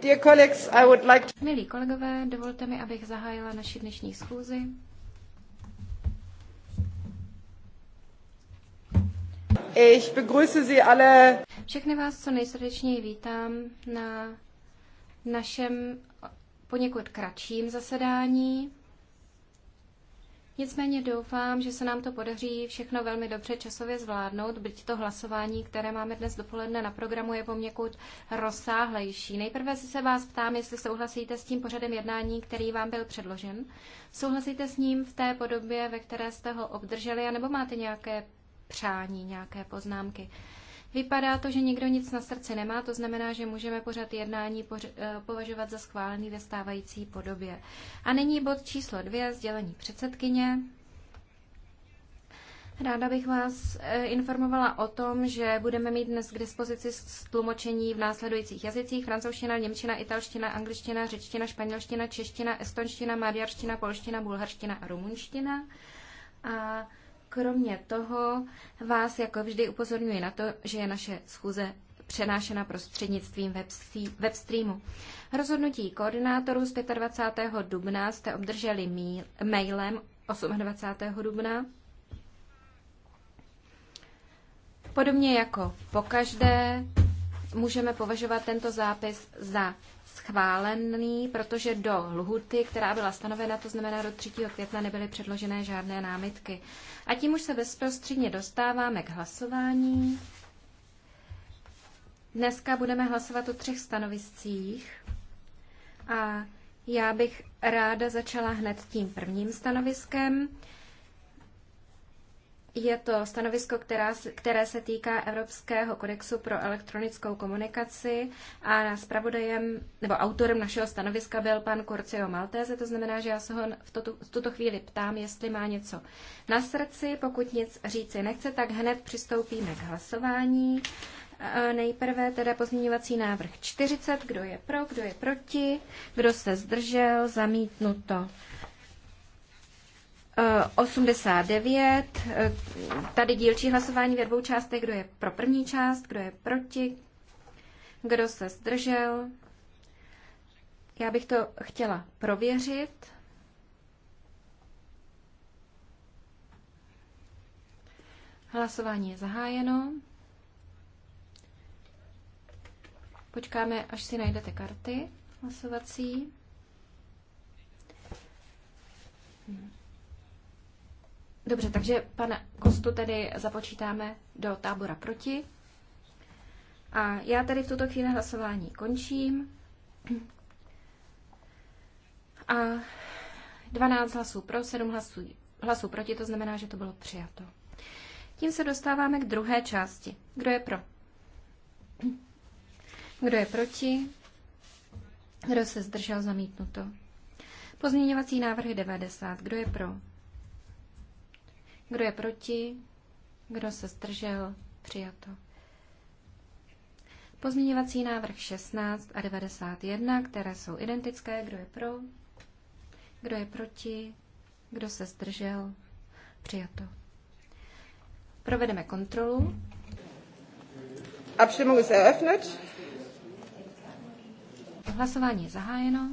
Dear colleagues, I would like to... Milí kolegové, dovolte mi, abych zahájila naši dnešní schůzi. Ich begrüße Sie alle. Všechny vás co nejsrdečněji vítám na našem poněkud kratším zasedání. Nicméně doufám, že se nám to podaří všechno velmi dobře časově zvládnout, byť to hlasování, které máme dnes dopoledne na programu, je poměkud rozsáhlejší. Nejprve si se vás ptám, jestli souhlasíte s tím pořadem jednání, který vám byl předložen. Souhlasíte s ním v té podobě, ve které jste ho obdrželi, anebo máte nějaké přání, nějaké poznámky? Vypadá to, že nikdo nic na srdci nemá, to znamená, že můžeme pořad jednání eh, považovat za schválený ve stávající podobě. A nyní bod číslo dvě, sdělení předsedkyně. Ráda bych vás eh, informovala o tom, že budeme mít dnes k dispozici tlumočení v následujících jazycích. Francouzština, němčina, italština, angličtina, řečtina, španělština, čeština, estonština, maďarština, polština, bulharština a rumunština. A Kromě toho vás jako vždy upozorňuji na to, že je naše schůze přenášena prostřednictvím webstreamu. Rozhodnutí koordinátorů z 25. dubna jste obdrželi mailem 28. dubna. Podobně jako pokaždé můžeme považovat tento zápis za schválený, protože do lhuty, která byla stanovena, to znamená do 3. května, nebyly předložené žádné námitky. A tím už se bezprostředně dostáváme k hlasování. Dneska budeme hlasovat o třech stanoviscích a já bych ráda začala hned tím prvním stanoviskem. Je to stanovisko, která, které se týká Evropského kodexu pro elektronickou komunikaci a zpravodajem nebo autorem našeho stanoviska byl pan Corcio Maltese, to znamená, že já se ho v, tuto, v tuto chvíli ptám, jestli má něco na srdci. Pokud nic říci nechce, tak hned přistoupíme k hlasování. E, nejprve teda pozměňovací návrh 40, kdo je pro, kdo je proti, kdo se zdržel, zamítnuto. 89. Tady dílčí hlasování ve dvou částech. Kdo je pro první část, kdo je proti, kdo se zdržel. Já bych to chtěla prověřit. Hlasování je zahájeno. Počkáme, až si najdete karty hlasovací. Hmm. Dobře, takže pana Kostu tedy započítáme do tábora proti. A já tady v tuto chvíli hlasování končím. A 12 hlasů pro, 7 hlasů, hlasů proti, to znamená, že to bylo přijato. Tím se dostáváme k druhé části. Kdo je pro? Kdo je proti? Kdo se zdržel zamítnuto? Pozměňovací návrhy 90. Kdo je pro? Kdo je proti? Kdo se zdržel? Přijato. Pozměňovací návrh 16 a 91, které jsou identické. Kdo je pro? Kdo je proti? Kdo se zdržel? Přijato. Provedeme kontrolu. Abstimmung ist eröffnet. Hlasování je zahájeno.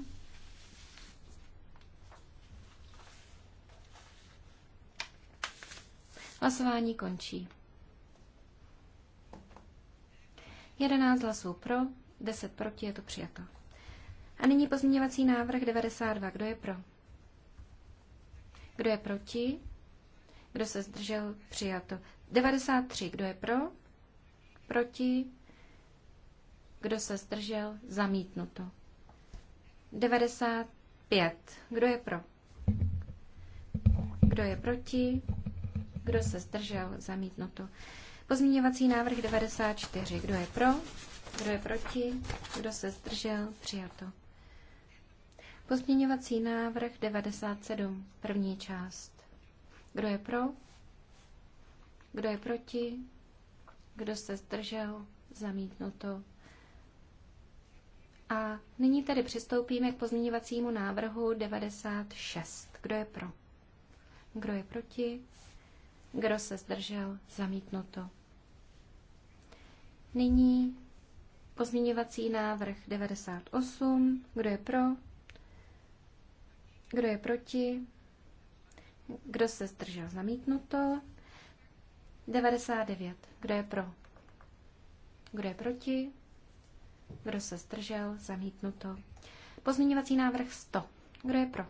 Hlasování končí. 11 hlasů pro, 10 proti, je to přijato. A nyní pozměňovací návrh 92. Kdo je pro? Kdo je proti? Kdo se zdržel? Přijato. 93. Kdo je pro? Proti? Kdo se zdržel? Zamítnuto. 95. Kdo je pro? Kdo je proti? Kdo se zdržel? Zamítnuto. Pozměňovací návrh 94. Kdo je pro? Kdo je proti? Kdo se zdržel? Přijato. Pozměňovací návrh 97. První část. Kdo je pro? Kdo je proti? Kdo se zdržel? Zamítnuto. A nyní tedy přistoupíme k pozměňovacímu návrhu 96. Kdo je pro? Kdo je proti? Kdo se zdržel? Zamítnuto. Nyní pozměňovací návrh 98. Kdo je pro? Kdo je proti? Kdo se zdržel? Zamítnuto. 99. Kdo je pro? Kdo je proti? Kdo se zdržel? Zamítnuto. Pozměňovací návrh 100. Kdo je pro?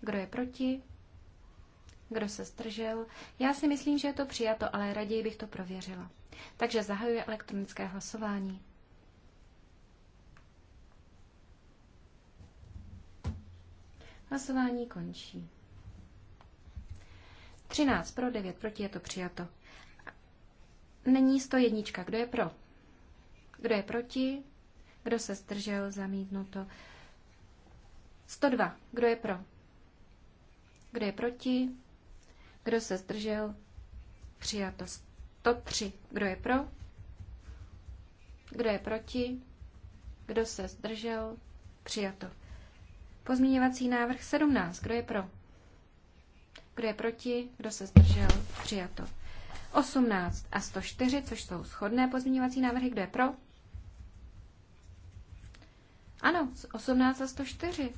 Kdo je proti? Kdo se stržel? Já si myslím, že je to přijato, ale raději bych to prověřila. Takže zahajuji elektronické hlasování. Hlasování končí. 13 pro, 9 proti, je to přijato. Není 101. Kdo je pro? Kdo je proti? Kdo se zdržel? Zamítnuto. 102. Kdo je pro? Kdo je proti? Kdo se zdržel? Přijato 103. Kdo je pro? Kdo je proti? Kdo se zdržel? Přijato. Pozměňovací návrh 17. Kdo je pro? Kdo je proti? Kdo se zdržel? Přijato. 18 a 104, což jsou shodné pozměňovací návrhy. Kdo je pro? Ano, 18 a 104.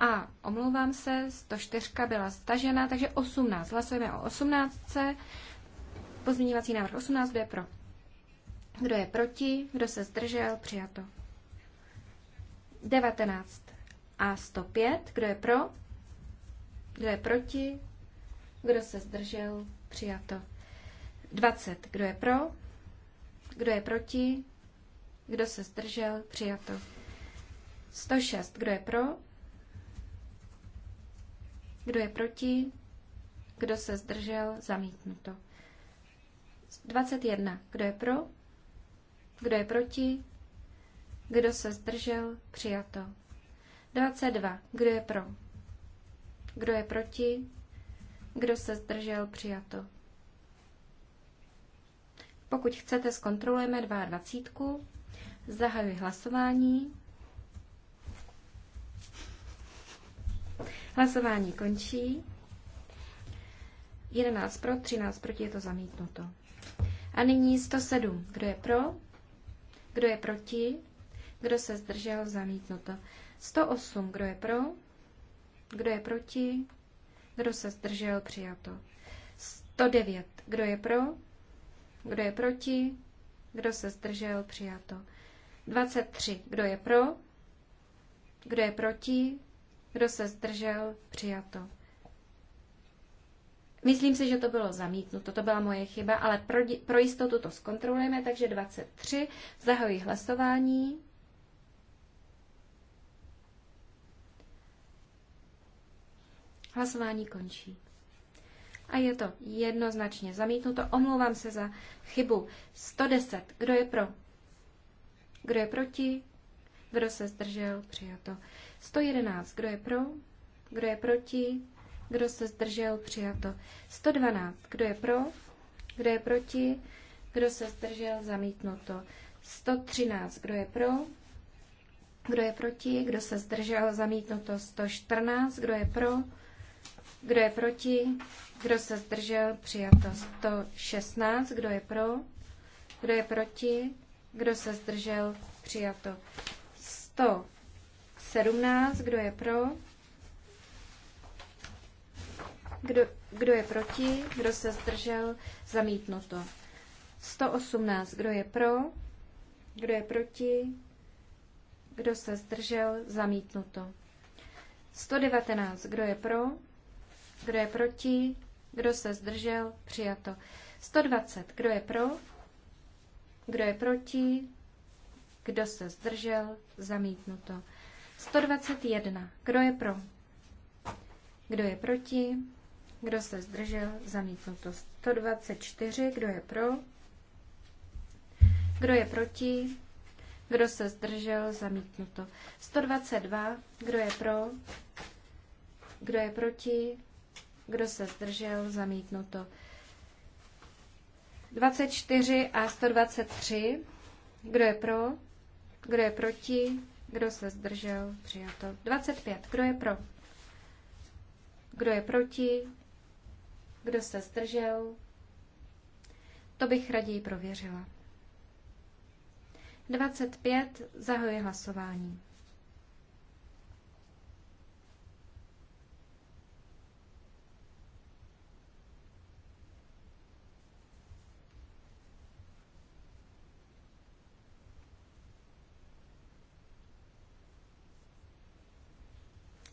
A omlouvám se, 104 byla stažena, takže 18. Hlasujeme o 18. Pozměňovací návrh 18, kdo je pro? Kdo je proti? Kdo se zdržel? Přijato. 19 a 105. Kdo je pro? Kdo je proti? Kdo se zdržel? Přijato. 20. Kdo je pro? Kdo je proti? Kdo se zdržel? Přijato. 106. Kdo je pro? Kdo je proti? Kdo se zdržel? Zamítnuto. 21. Kdo je pro? Kdo je proti? Kdo se zdržel? Přijato. 22. Kdo je pro? Kdo je proti? Kdo se zdržel? Přijato. Pokud chcete, zkontrolujeme 22. Zahajuji hlasování. Hlasování končí. 11 pro, 13 proti je to zamítnuto. A nyní 107. Kdo je pro? Kdo je proti? Kdo se zdržel? Zamítnuto. 108. Kdo je pro? Kdo je proti? Kdo se zdržel? Přijato. 109. Kdo je pro? Kdo je proti? Kdo se zdržel? Přijato. 23. Kdo je pro? Kdo je proti? Kdo se zdržel? Přijato. Myslím si, že to bylo zamítnuto, to byla moje chyba, ale pro, pro jistotu to zkontrolujeme, takže 23. zahojí hlasování. Hlasování končí. A je to jednoznačně zamítnuto. Omlouvám se za chybu. 110. Kdo je pro? Kdo je proti? Kdo se zdržel? Přijato. 111. Kdo je pro? Kdo je proti? Kdo se zdržel? Přijato. 112. Kdo je pro? Kdo je proti? Kdo se zdržel? Zamítnuto. 113. Kdo je pro? Kdo je proti? Kdo se zdržel? Zamítnuto. 114. Kdo je pro? Kdo je proti? Kdo se zdržel? Přijato. 116. Kdo je pro? Kdo je proti? Kdo se zdržel? Přijato. 100. 17. Kdo je pro? Kdo, kdo je proti? Kdo se zdržel? Zamítnuto. 118. Kdo je pro? Kdo je proti? Kdo se zdržel? Zamítnuto. 119. Kdo je pro? Kdo je proti? Kdo se zdržel? Přijato. 120. Kdo je pro? Kdo je proti? Kdo se zdržel? Zamítnuto. 121. Kdo je pro? Kdo je proti? Kdo se zdržel? Zamítnuto. 124. Kdo je pro? Kdo je proti? Kdo se zdržel? Zamítnuto. 122. Kdo je pro? Kdo je proti? Kdo se zdržel? Zamítnuto. 24 a 123. Kdo je pro? Kdo je proti? Kdo se zdržel? Přijato. 25. Kdo je pro? Kdo je proti? Kdo se zdržel? To bych raději prověřila. 25. Zahoji hlasování.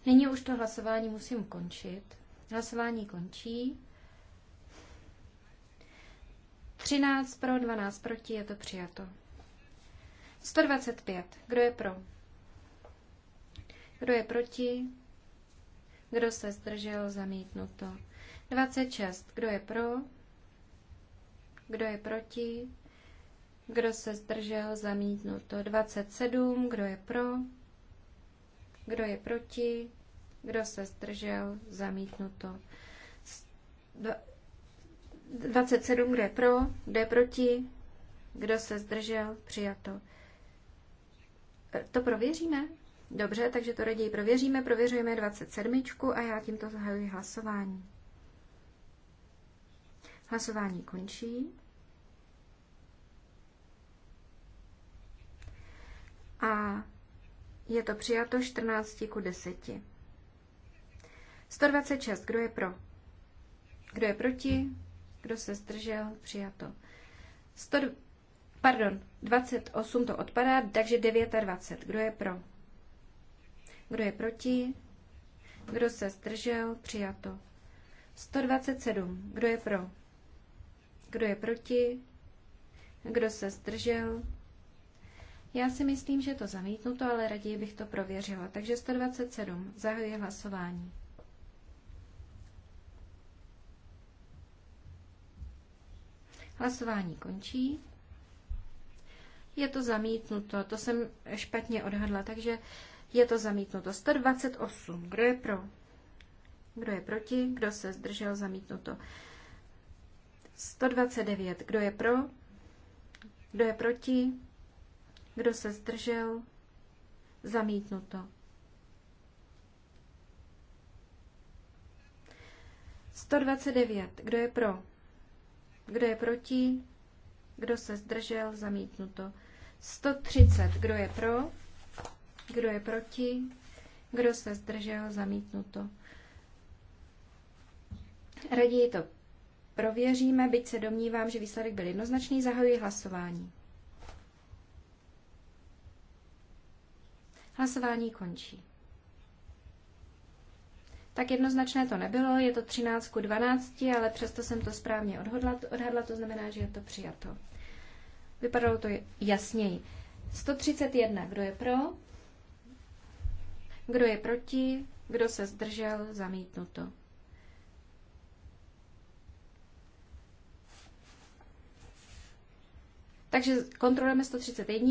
Nyní už to hlasování musím končit. Hlasování končí. 13 pro, 12 proti, je to přijato. 125. Kdo je pro? Kdo je proti? Kdo se zdržel? Zamítnuto. 26. Kdo je pro? Kdo je proti? Kdo se zdržel? Zamítnuto. 27. Kdo je pro? Kdo je proti? Kdo se zdržel? Zamítnuto. 27, kde pro, kde proti, kdo se zdržel, přijato. To prověříme? Dobře, takže to raději prověříme. Prověřujeme 27 a já tímto zahajuji hlasování. Hlasování končí. A je to přijato 14 ku 10. 126. Kdo je pro? Kdo je proti? Kdo se zdržel? Přijato. 100, pardon, 28 to odpadá, takže 29. Kdo je pro? Kdo je proti? Kdo se zdržel? Přijato. 127. Kdo je pro? Kdo je proti? Kdo se zdržel? Já si myslím, že to zamítnuto, ale raději bych to prověřila. Takže 127. Zahajuji hlasování. Hlasování končí. Je to zamítnuto, to jsem špatně odhadla, takže je to zamítnuto. 128. Kdo je pro? Kdo je proti? Kdo se zdržel? Zamítnuto. 129. Kdo je pro? Kdo je proti? Kdo se zdržel? Zamítnuto. 129. Kdo je pro? Kdo je proti? Kdo se zdržel? Zamítnuto. 130. Kdo je pro? Kdo je proti? Kdo se zdržel? Zamítnuto. Raději to prověříme, byť se domnívám, že výsledek byl jednoznačný. Zahajuji hlasování. Hlasování končí tak jednoznačné to nebylo, je to 13 ku 12, ale přesto jsem to správně odhodla, odhadla, to znamená, že je to přijato. Vypadalo to jasněji. 131, kdo je pro? Kdo je proti? Kdo se zdržel? Zamítnuto. Takže kontrolujeme 131.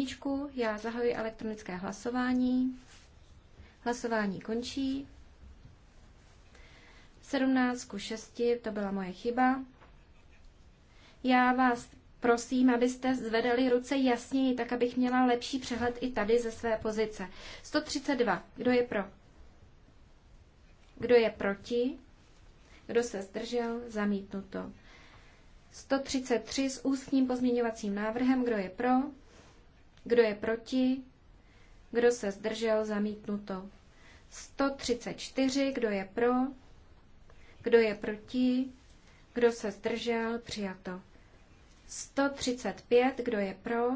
Já zahajuji elektronické hlasování. Hlasování končí. 17 ku 6, to byla moje chyba. Já vás prosím, abyste zvedali ruce jasněji, tak abych měla lepší přehled i tady ze své pozice. 132. Kdo je pro? Kdo je proti? Kdo se zdržel? Zamítnuto. 133 s ústním pozměňovacím návrhem. Kdo je pro? Kdo je proti? Kdo se zdržel? Zamítnuto. 134. Kdo je pro? Kdo je proti? Kdo se zdržel? Přijato. 135. Kdo je pro?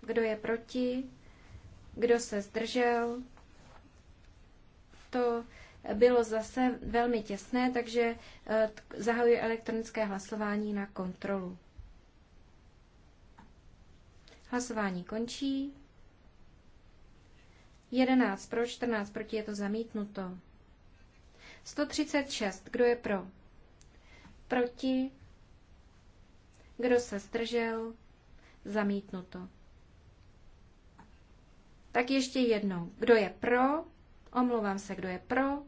Kdo je proti? Kdo se zdržel? To bylo zase velmi těsné, takže e, zahajuji elektronické hlasování na kontrolu. Hlasování končí. 11 pro, 14 proti je to zamítnuto. 136. Kdo je pro? Proti? Kdo se zdržel? Zamítnuto. Tak ještě jednou. Kdo je pro? Omlouvám se, kdo je pro?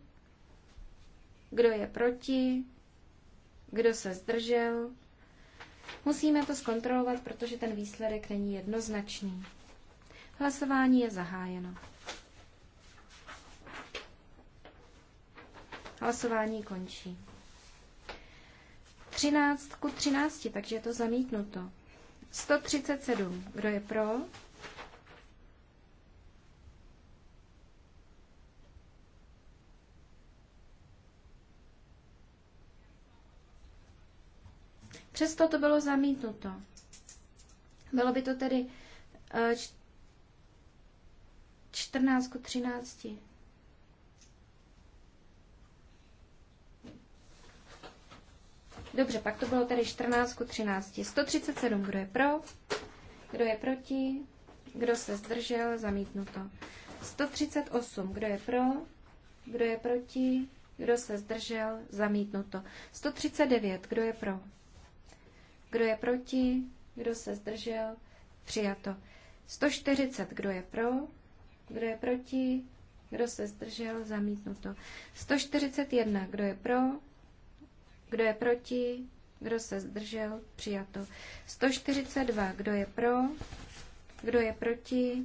Kdo je proti? Kdo se zdržel? Musíme to zkontrolovat, protože ten výsledek není jednoznačný. Hlasování je zahájeno. Hlasování končí. 13 ku 13, takže je to zamítnuto. 137. Kdo je pro? Přesto to bylo zamítnuto. Bylo by to tedy 14 eh, ku 13. Dobře, pak to bylo tady 14 k 13. 137, kdo je pro, kdo je proti, kdo se zdržel, zamítnuto. 138, kdo je pro, kdo je proti, kdo se zdržel, zamítnuto. 139, kdo je pro, kdo je proti, kdo se zdržel, přijato. 140, kdo je pro, kdo je proti, kdo se zdržel, zamítnuto. 141, kdo je pro, kdo je proti? Kdo se zdržel? Přijato. 142. Kdo je pro? Kdo je proti?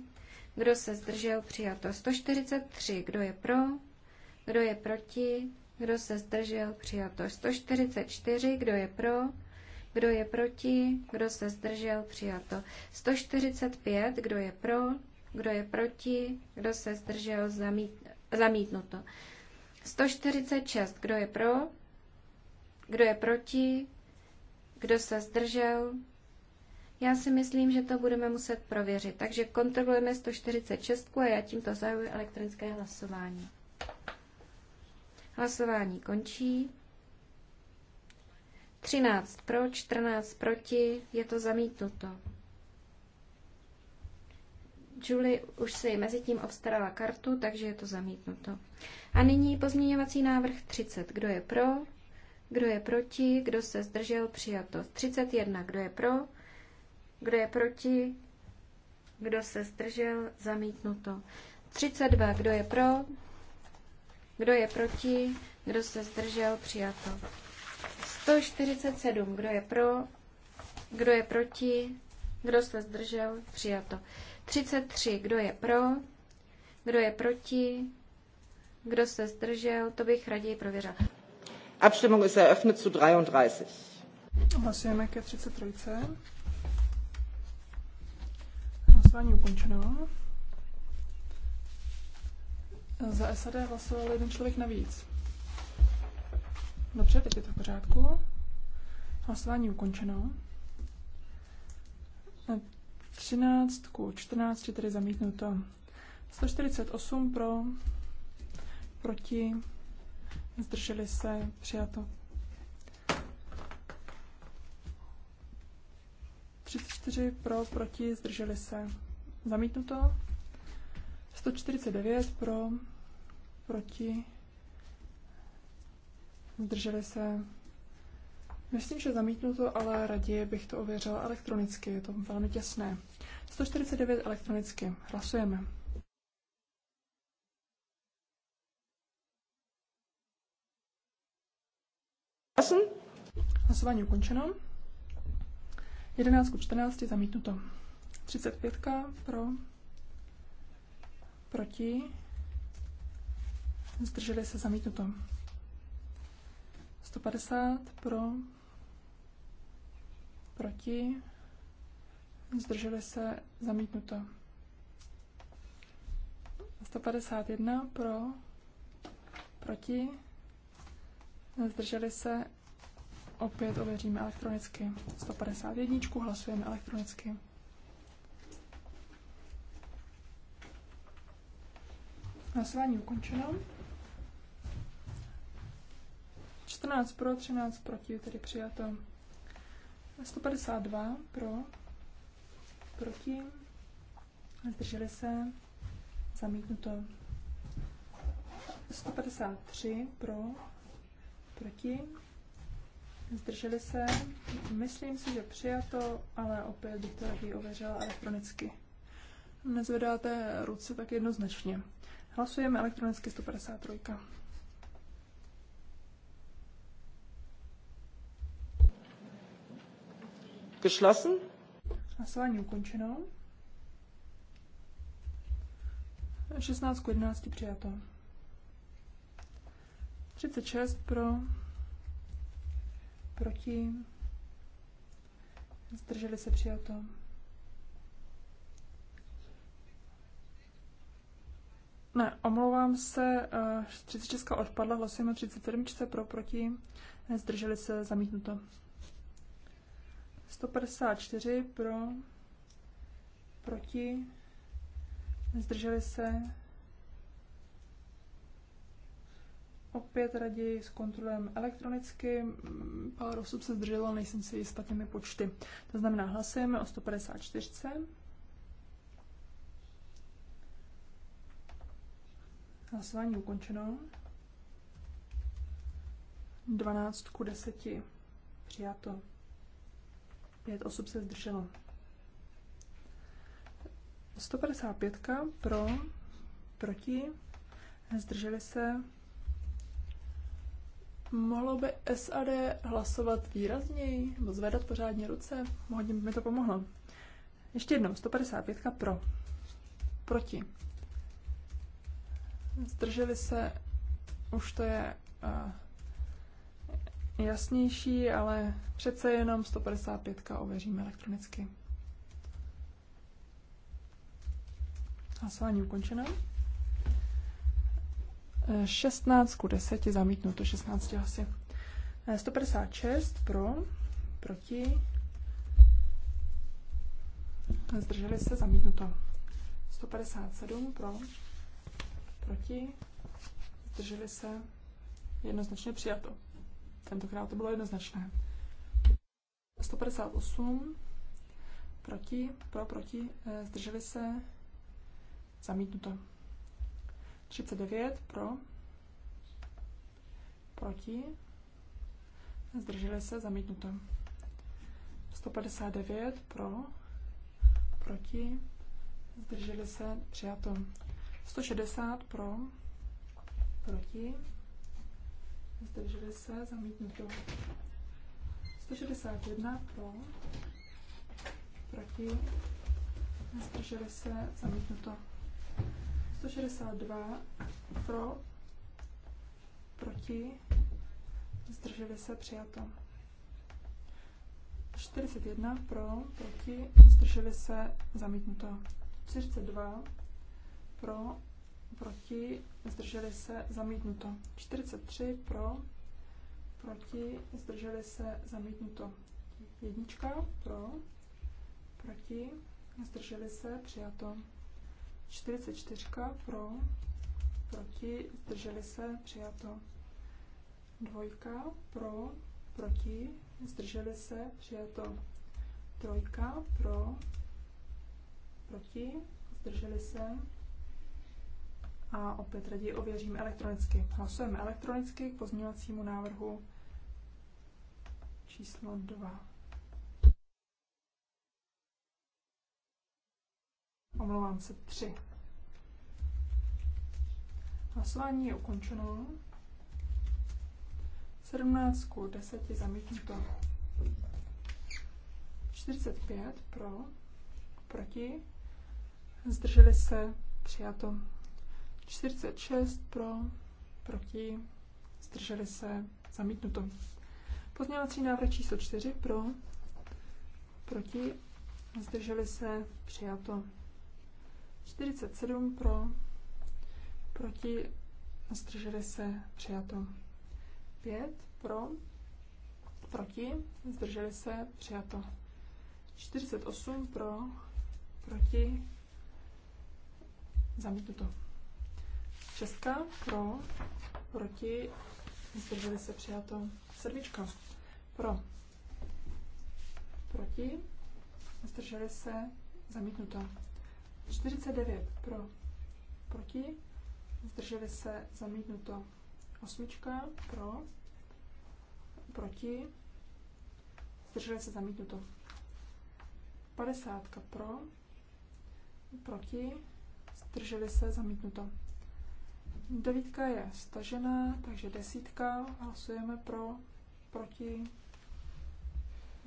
Kdo se zdržel? Přijato. 143. Kdo je pro? Kdo je proti? Kdo se zdržel? Přijato. 144. Kdo je pro? Kdo je proti? Kdo se zdržel? Přijato. 145. Kdo je pro? Kdo je proti? Kdo se zdržel? Zamít, zamítnuto. 146. Kdo je pro? Kdo je proti? Kdo se zdržel? Já si myslím, že to budeme muset prověřit. Takže kontrolujeme 146 a já tímto zahajuji elektronické hlasování. Hlasování končí. 13 pro, 14 proti, je to zamítnuto. Julie už si mezi tím obstarala kartu, takže je to zamítnuto. A nyní pozměňovací návrh 30. Kdo je pro? Kdo je proti? Kdo se zdržel? Přijato. 31. Kdo je pro? Kdo je proti? Kdo se zdržel? Zamítnuto. 32. Kdo je pro? Kdo je proti? Kdo se zdržel? Přijato. 147. Kdo je pro? Kdo je proti? Kdo se zdržel? Přijato. 33. Kdo je pro? Kdo je proti? Kdo se zdržel? To bych raději prověřila. Abstimmung ist eröffnet zu 33. Hlasujeme ke 33. Hlasování ukončeno. Za SAD hlasoval jeden člověk navíc. Dobře, teď je to v pořádku. Hlasování ukončeno. 13 ku 14, tedy zamítnuto. 148 pro, proti, Zdrželi se? Přijato. 34 pro, proti, zdrželi se. Zamítnuto. 149 pro, proti, zdrželi se. Myslím, že zamítnuto, ale raději bych to ověřila elektronicky, je to velmi těsné. 149 elektronicky. Hlasujeme. geschlossen. Hlasování ukončeno. 11 14 zamítnuto. 35 pro, proti, zdrželi se zamítnuto. 150 pro, proti, zdrželi se zamítnuto. 151 pro, proti, Zdrželi se. Opět ověříme elektronicky. 151. Hlasujeme elektronicky. Hlasování ukončeno. 14 pro, 13 proti, tedy přijato. 152 pro, proti, zdrželi se, zamítnuto. 153 pro, Proti? Zdrželi se? Myslím si, že přijato, ale opět bych to raději ověřila elektronicky. Nezvedáte ruce tak jednoznačně. Hlasujeme elektronicky 153. Geschlossen? Hlasování ukončeno. 16 k 11 přijato. 36 pro, proti, zdrželi se přijato. Ne, omlouvám se, 36 eh, odpadla, hlasujeme 37 pro, proti, zdrželi se, zamítnuto. 154 pro, proti, zdrželi se, Opět raději zkontrolujeme elektronicky. Mm, Pár osob se zdrželo, ale nejsem si jistá těmi počty. To znamená, hlasujeme o 154. Hlasování ukončeno. 12 k 10. Přijato. 5 osob se zdrželo. 155 pro, proti, zdrželi se Mohlo by SAD hlasovat výrazněji nebo zvedat pořádně ruce? Hodně by mi to pomohlo. Ještě jednou, 155 pro. Proti. Zdrželi se, už to je uh, jasnější, ale přece jenom 155 ověříme elektronicky. Hlasování ukončeno. 16 ku 10 zamítnuto 16 hlasy. 156 eh, pro, proti, zdrželi se zamítnuto. 157 pro, proti, zdrželi se jednoznačně přijato. Tentokrát to bylo jednoznačné. 158 proti, pro, proti, eh, zdrželi se zamítnuto. 39 pro, proti, zdrželi se, zamítnuto. 159 pro, proti, zdrželi se, přijato. 160 pro, proti, zdrželi se, zamítnuto. 161 pro, proti, zdrželi se, zamítnuto. 162 pro, proti, zdrželi se přijato. 41 pro, proti, zdrželi se zamítnuto. 42 pro, proti, zdrželi se zamítnuto. 43 pro, proti, zdrželi se zamítnuto. Jednička pro, proti, zdrželi se přijato. 44 pro, proti, zdrželi se, přijato. Dvojka pro, proti, zdrželi se, přijato. Trojka pro, proti, zdrželi se. A opět raději ověřím elektronicky. Hlasujeme elektronicky k pozměňovacímu návrhu číslo 2. Omlouvám se, tři. Hlasování je ukončeno. 17 k 10 je zamítnuto. 45 pro, proti, zdrželi se, přijato. 46 pro, proti, zdrželi se, zamítnuto. Pozměňovací návrh číslo 4 pro, proti, zdrželi se, přijato. 47 pro, proti, zdrželi se, přijato. 5 pro, proti, zdrželi se, přijato. 48 pro, proti, zamítnuto. 6 pro, proti, zdrželi se, přijato. 7 pro, proti, zdrželi se, zamítnuto. 49 pro, proti, zdrželi se zamítnuto. Osmička pro, proti, zdrželi se zamítnuto. 50 pro, proti, zdrželi se zamítnuto. Devítka je stažená, takže desítka, hlasujeme pro, proti,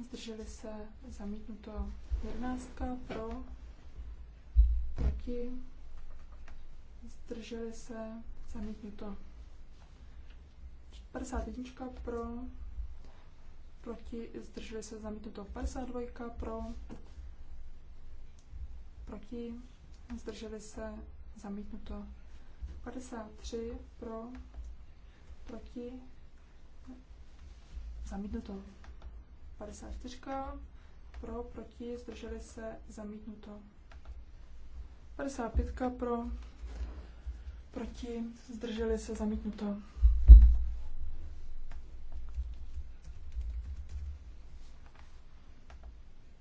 zdrželi se zamítnuto. Jedenáctka pro, Proti? Zdrželi se? Zamítnuto. 51 pro, proti, zdrželi se zamítnuto 52 pro, proti, zdrželi se zamítnuto 53 pro, proti, zamítnuto 54 pro, proti, zdrželi se zamítnuto 55 pro, proti, zdrželi se zamítnuto.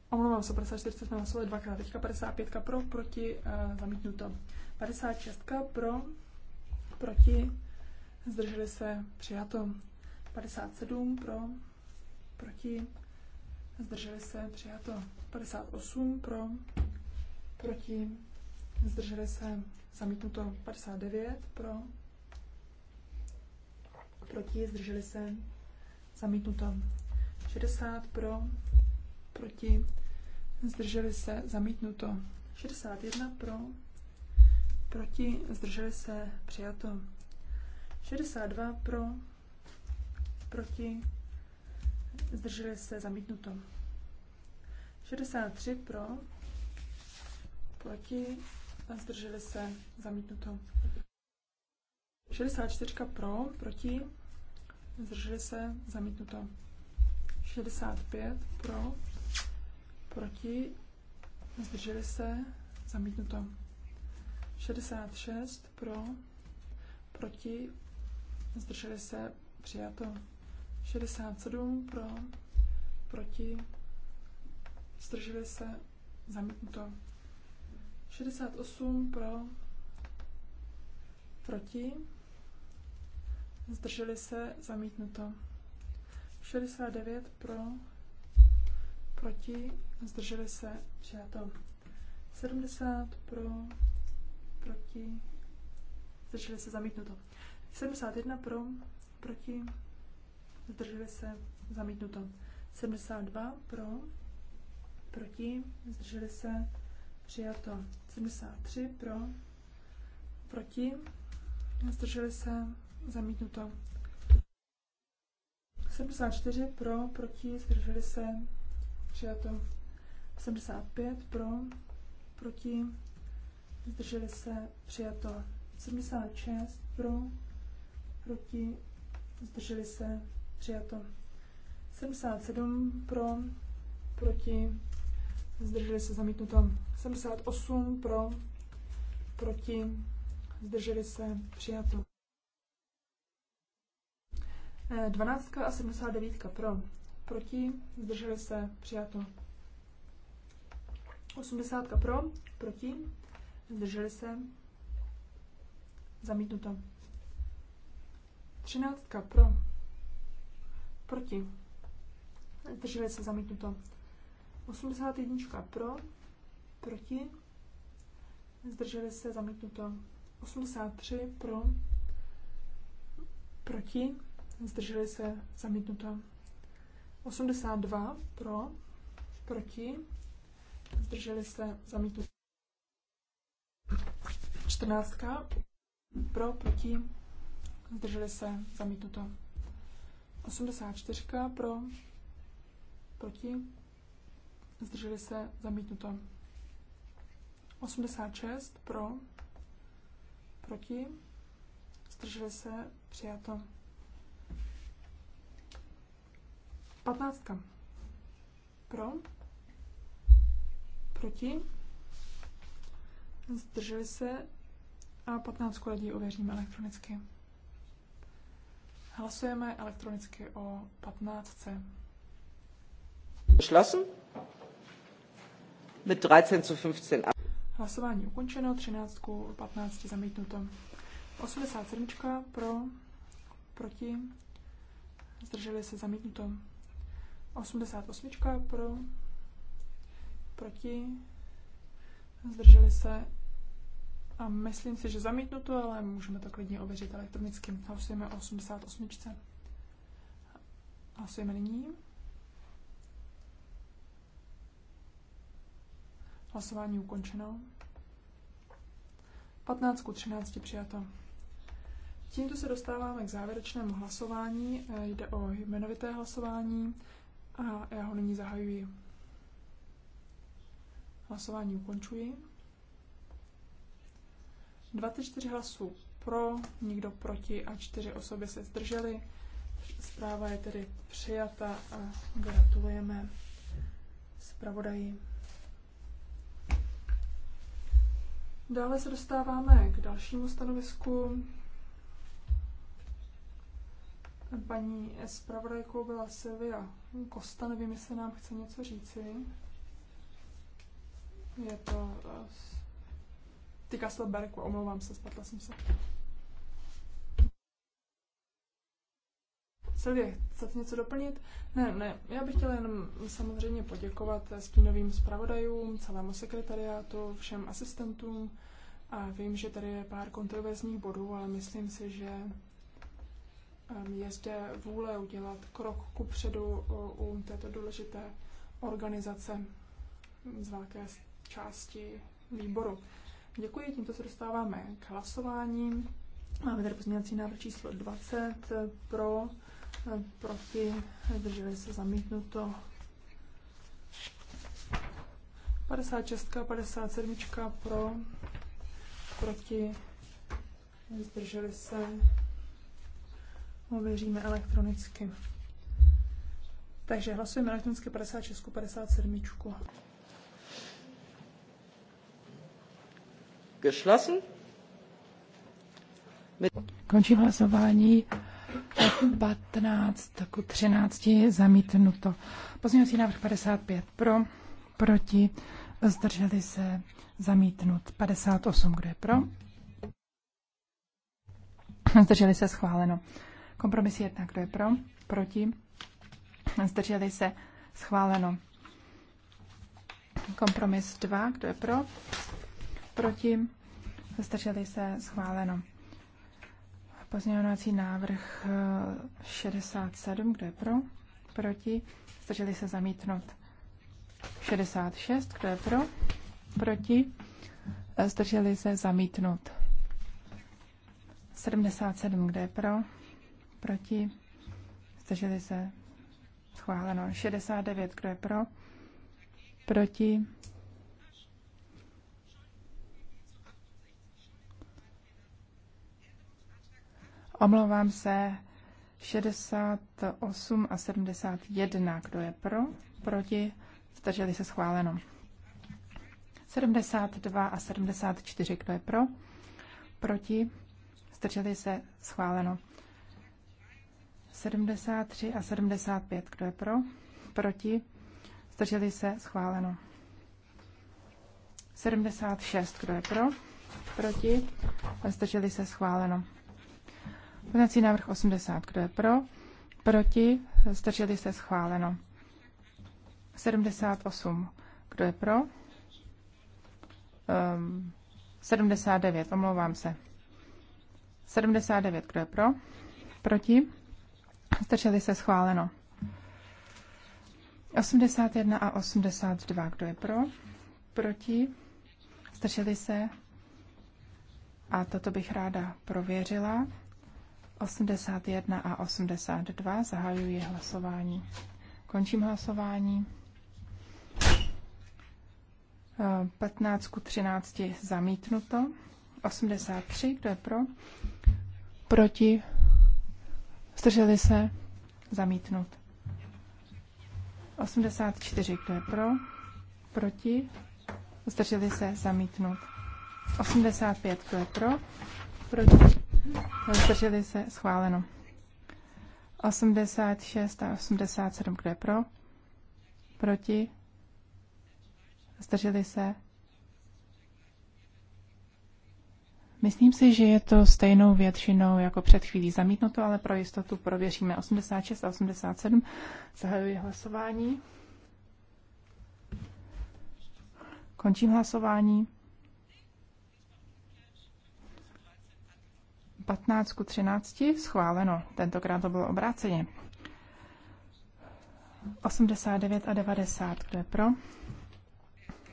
Omlouvám se, 54 jsme hlasovali dvakrát, teďka 55 pro, proti, uh, zamítnuto. 56 pro, proti, zdrželi se, přijato. 57 pro, proti, zdrželi se, přijato. 58 pro, proti, zdrželi se zamítnuto 59 pro, proti, zdrželi se zamítnuto 60 pro, proti, zdrželi se zamítnuto 61 pro, proti, zdrželi se přijato 62 pro, proti, zdrželi se zamítnuto 63 pro, proti, zdrželi se, zamítnuto. 64 pro, proti, zdrželi se, zamítnuto. 65 pro, proti, zdrželi se, zamítnuto. 66 pro, proti, zdrželi se, přijato. 67 pro, proti, zdrželi se, zamítnuto. 68 pro, proti, zdrželi se, zamítnuto. 69 pro, proti, zdrželi se, přijato. 70 pro, proti, zdrželi se, zamítnuto. 71 pro, proti, zdrželi se, zamítnuto. 72 pro, proti, zdrželi se, přijato. 73 pro, proti, zdrželi se, zamítnuto. 74 pro, proti, zdrželi se, přijato. 75 pro, proti, zdrželi se, přijato. 76 pro, proti, zdrželi se, přijato. 77 pro, proti, zdrželi se zamítnuto 78 pro, proti, zdrželi se přijato. 12 eh, a 79 pro, proti, zdrželi se přijato. 80 pro, proti, zdrželi se zamítnuto. 13 pro, proti, zdrželi se zamítnuto. 81 pro, proti, zdrželi se zamítnuto 83 pro, proti, zdrželi se zamítnuto 82 pro, proti, zdrželi se zamítnuto 14 pro, proti, zdrželi se zamítnuto 84 pro, proti, zdrželi se, zamítnuto. 86 pro, proti, zdrželi se, přijato. 15 pro, proti, zdrželi se a 15 lidí ověříme elektronicky. Hlasujeme elektronicky o 15. Schlossen? mit 13 zu 15 ab. Hlasování ukončeno, 13 ku 15 zamítnuto. 87 pro, proti, zdrželi se zamítnuto. 88 pro, proti, zdrželi se a myslím si, že zamítnuto, ale můžeme to klidně ověřit elektronicky. Hlasujeme o 88. Hlasujeme nyní. Hlasování ukončeno. 15 ku 13 přijato. Tímto se dostáváme k závěrečnému hlasování. Eh, jde o jmenovité hlasování a já ho nyní zahajuji. Hlasování ukončuji. 24 hlasů pro, nikdo proti a čtyři osoby se zdržely. Zpráva je tedy přijata a gratulujeme zpravodaji. Dále se dostáváme k dalšímu stanovisku. Paní pravodajkou byla Silvia Kosta, nevím, jestli nám chce něco říci. Je to... Eh, týká se to Berku, omlouvám se, spatla jsem se. Silvě, chcete něco doplnit? Ne, ne, já bych chtěla jenom samozřejmě poděkovat stínovým zpravodajům, celému sekretariátu, všem asistentům. A vím, že tady je pár kontroverzních bodů, ale myslím si, že ehm, je zde vůle udělat krok ku předu u této důležité organizace z velké části výboru. Děkuji, tímto se dostáváme k hlasování. Máme tady pozměňovací návrh číslo 20 pro, proti, drželi se zamítnuto. 56 a 57 pro, proti, zdrželi se, ověříme elektronicky. Takže hlasujeme elektronicky 56, 57. Geschlossen. Končím hlasování. 15 ku 13 zamítnuto. Pozměňovací návrh 55 pro, proti, zdrželi se zamítnut. 58, kdo je pro? Zdrželi se schváleno. Kompromis 1, kdo je pro? Proti, zdrželi se schváleno. Kompromis 2, kdo je pro? Proti, zdrželi se schváleno. Pozměňovací návrh 67, eh, kdo je pro? Proti? Zdrželi se zamítnout. 66, kdo je pro? Proti? Eh, zdrželi se zamítnout. 77, kdo je pro? Proti? Zdrželi se schváleno. 69, kdo je pro? Proti? Omlouvám se, 68 a 71. Kdo je pro? Proti? Zdrželi se schváleno. 72 a 74. Kdo je pro? Proti? Zdrželi se schváleno. 73 a 75. Kdo je pro? Proti? Zdrželi se schváleno. 76. Kdo je pro? Proti? Zdrželi se schváleno. Pozměňovací návrh 80. Kdo je pro? Proti? Zdrželi se schváleno. 78. Kdo je pro? Um, ehm, 79. Omlouvám se. 79. Kdo je pro? Proti? Zdrželi se schváleno. 81 a 82. Kdo je pro? Proti? Zdrželi se? A toto bych ráda prověřila. 81 a 82 zahajuji hlasování. Končím hlasování. 15 ku 13 zamítnuto. 83, kdo je pro? Proti? Zdrželi se? Zamítnut. 84, kdo je pro? Proti? Zdrželi se? Zamítnut. 85, kdo je pro? Proti? zdrželi se, schváleno. 86 a 87, kdo je pro, proti, zdrželi se. Myslím si, že je to stejnou většinou jako před chvílí zamítnuto, ale pro jistotu prověříme 86 a 87. Zahajuji hlasování. Končím hlasování. 15 ku 13 schváleno. Tentokrát to bylo obráceně. 89 a 90, kdo je pro?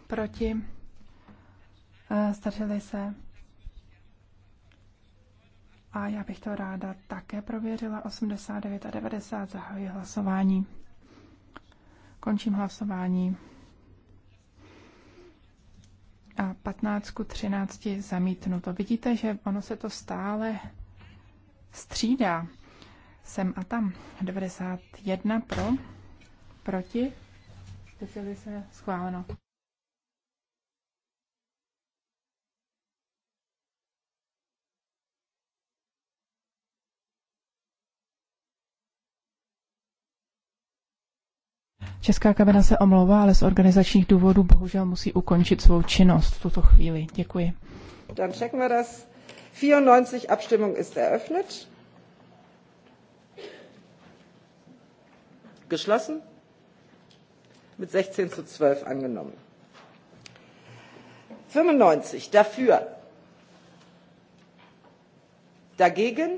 Proti? Stařili eh, se? A já bych to ráda také prověřila. 89 a 90 zahajuji hlasování. Končím hlasování a 15 ku 13 zamítnuto. Vidíte, že ono se to stále střídá. Sem a tam. 91 pro, proti, zdrželi se schváleno. Česká kabina se omlouvá, ale z organizačních důvodů bohužel musí ukončit svou činnost v tuto chvíli. Děkuji. Dann checken wir das. 94 Abstimmung ist eröffnet. Geschlossen. Mit 16 zu 12 angenommen. 95 dafür. Dagegen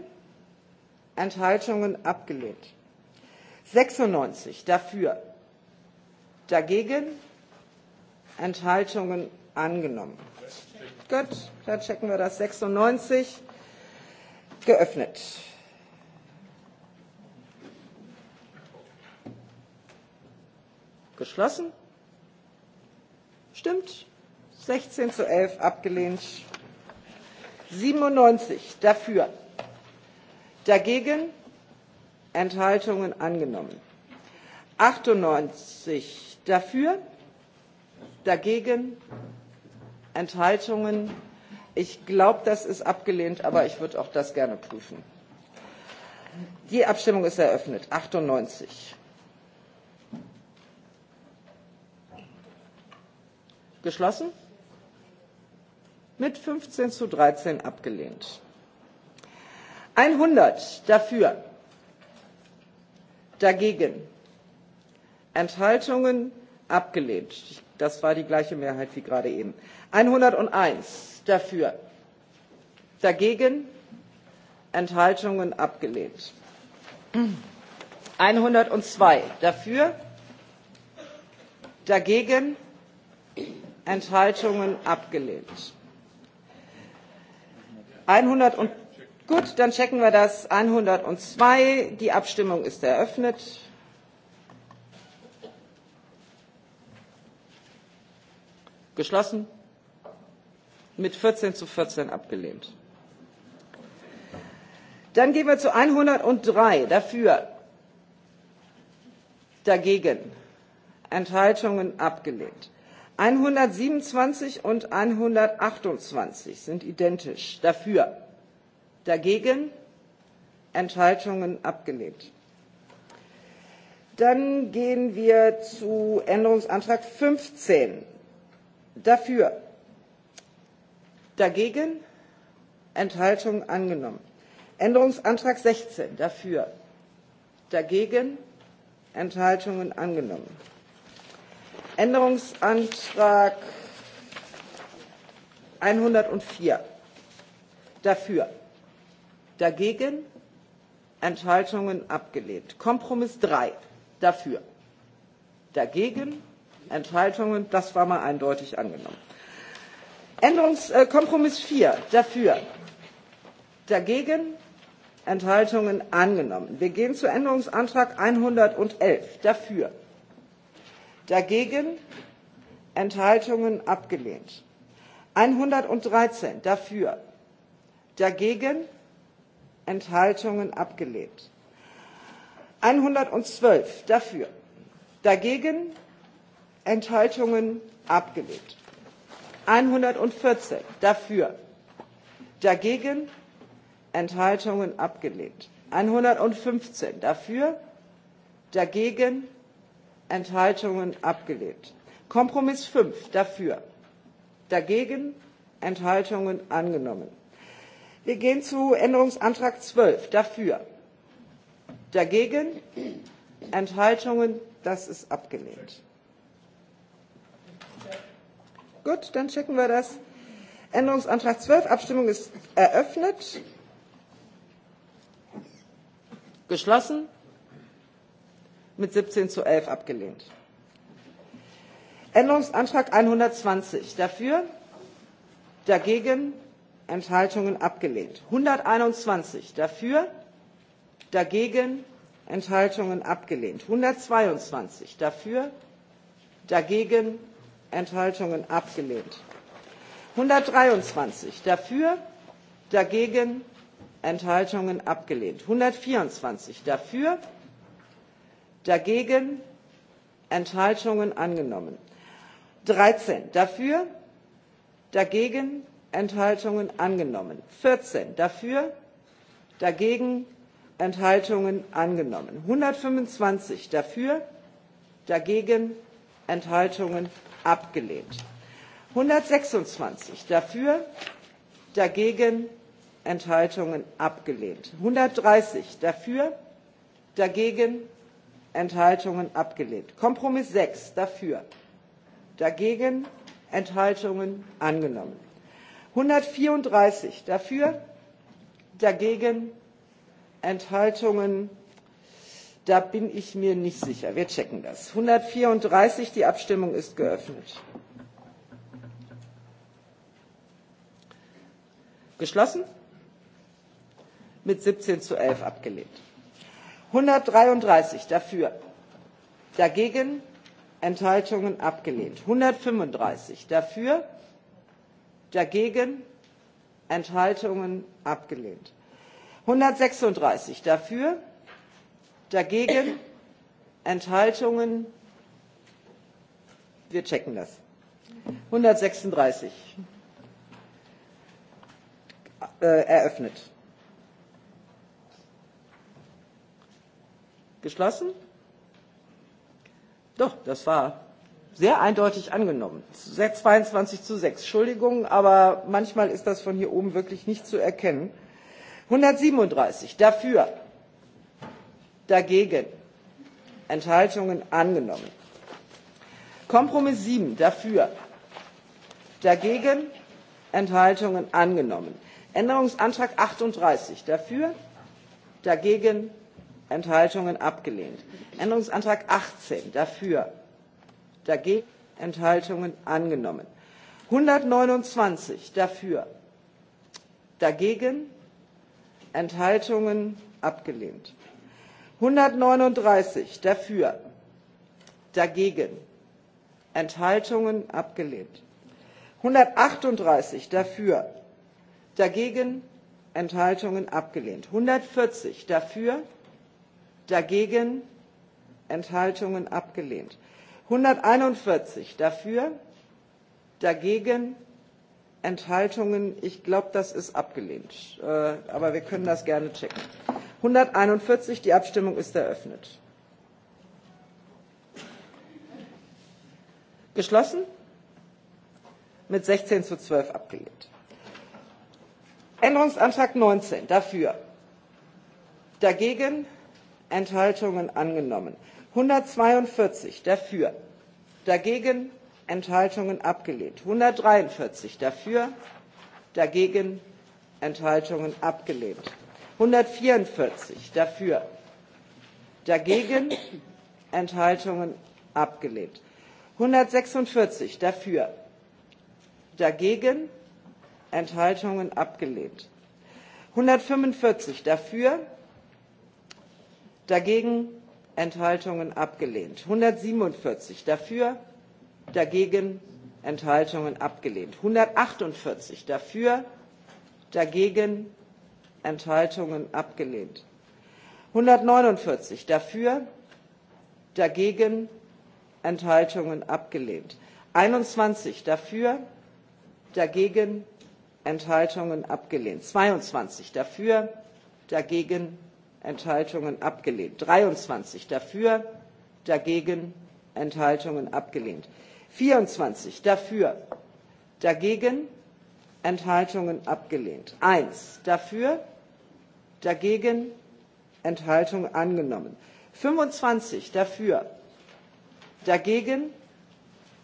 Enthaltungen abgelehnt. 96 dafür Dagegen? Enthaltungen angenommen. Gut, dann checken wir das 96. Geöffnet. Geschlossen. Stimmt. 16 zu 11 abgelehnt. 97 dafür. Dagegen Enthaltungen angenommen. 98 dafür dagegen enthaltungen ich glaube das ist abgelehnt aber ich würde auch das gerne prüfen. die abstimmung ist eröffnet. achtundneunzig geschlossen mit fünfzehn zu dreizehn abgelehnt. einhundert dafür dagegen Enthaltungen abgelehnt. Das war die gleiche Mehrheit wie gerade eben. 101 dafür, dagegen Enthaltungen abgelehnt. 102 dafür, dagegen Enthaltungen abgelehnt. 100 und, gut, dann checken wir das. 102. Die Abstimmung ist eröffnet. Geschlossen? Mit 14 zu 14 abgelehnt. Dann gehen wir zu 103. Dafür. Dagegen. Enthaltungen abgelehnt. 127 und 128 sind identisch. Dafür. Dagegen. Enthaltungen abgelehnt. Dann gehen wir zu Änderungsantrag 15 dafür dagegen Enthaltung angenommen änderungsantrag 16. dafür dagegen enthaltungen angenommen änderungsantrag 104. dafür dagegen enthaltungen abgelehnt kompromiss 3. dafür dagegen Enthaltungen. Das war mal eindeutig angenommen. Änderungskompromiss äh, 4 dafür, dagegen Enthaltungen angenommen. Wir gehen zu Änderungsantrag 111 dafür, dagegen Enthaltungen abgelehnt. 113 dafür, dagegen Enthaltungen abgelehnt. 112 dafür, dagegen Enthaltungen abgelehnt. 114 dafür, dagegen Enthaltungen abgelehnt. 115 dafür, dagegen Enthaltungen abgelehnt. Kompromiss 5 dafür, dagegen Enthaltungen angenommen. Wir gehen zu Änderungsantrag 12 dafür, dagegen Enthaltungen, das ist abgelehnt. Gut, dann checken wir das. Änderungsantrag 12. Abstimmung ist eröffnet. Geschlossen. Mit 17 zu 11 abgelehnt. Änderungsantrag 120. Dafür? Dagegen? Enthaltungen abgelehnt. 121. Dafür? Dagegen? Enthaltungen abgelehnt. 122. Dafür? Dagegen? Enthaltungen abgelehnt. 123 dafür, dagegen Enthaltungen abgelehnt. 124 dafür, dagegen Enthaltungen angenommen. 13 dafür, dagegen Enthaltungen angenommen. 14 dafür, dagegen Enthaltungen angenommen. 125 dafür, dagegen Enthaltungen abgelehnt; einhundertsechsundzwanzig dafür dagegen enthaltungen abgelehnt; einhundertdreißig dafür dagegen enthaltungen abgelehnt; kompromiss sechs dafür dagegen enthaltungen angenommen; einhundertvierunddreißig dafür dagegen enthaltungen da bin ich mir nicht sicher. wir checken das. 134, die abstimmung ist geöffnet. geschlossen mit 17 zu 11 abgelehnt. 133 dafür, dagegen Enthaltungen abgelehnt. 135 dafür, dagegen Enthaltungen abgelehnt. 136 dafür, Dagegen? Enthaltungen? Wir checken das. 136. Äh, eröffnet. Geschlossen? Doch, das war sehr eindeutig angenommen. 22 zu 6. Entschuldigung, aber manchmal ist das von hier oben wirklich nicht zu erkennen. 137 dafür dagegen Enthaltungen angenommen. Kompromiss 7 dafür, dagegen Enthaltungen angenommen. Änderungsantrag 38 dafür, dagegen Enthaltungen abgelehnt. Änderungsantrag 18 dafür, dagegen Enthaltungen angenommen. 129 dafür, dagegen Enthaltungen abgelehnt einhundertneununddreißig dafür dagegen enthaltungen abgelehnt; einhundertachtunddreißig dafür dagegen enthaltungen abgelehnt; einhundertvierzig dafür dagegen enthaltungen abgelehnt; einhunderteinundvierzig dafür dagegen enthaltungen ich glaube das ist abgelehnt äh, aber wir können das gerne checken. 141. Die Abstimmung ist eröffnet. Geschlossen? Mit 16 zu 12 abgelehnt. Änderungsantrag 19. Dafür. Dagegen. Enthaltungen angenommen. 142. Dafür. Dagegen. Enthaltungen abgelehnt. 143. Dafür. Dagegen. Enthaltungen abgelehnt einhundertvierundvierzig dafür dagegen enthaltungen abgelehnt; einhundertsechsundvierzig dafür dagegen enthaltungen abgelehnt; einhundertfünfundvierzig dafür dagegen enthaltungen abgelehnt; einhundertsiebenundvierzig dafür dagegen enthaltungen abgelehnt; einhundertachtundvierzig dafür dagegen Enthaltungen abgelehnt. 149 dafür, dagegen, Enthaltungen abgelehnt. 21 dafür, dagegen, Enthaltungen abgelehnt. 22 dafür, dagegen, Enthaltungen abgelehnt. 23 dafür, dagegen, Enthaltungen abgelehnt. 24 dafür, dagegen, Enthaltungen abgelehnt. 1 dafür, dagegen Enthaltung angenommen. 25 dafür, dagegen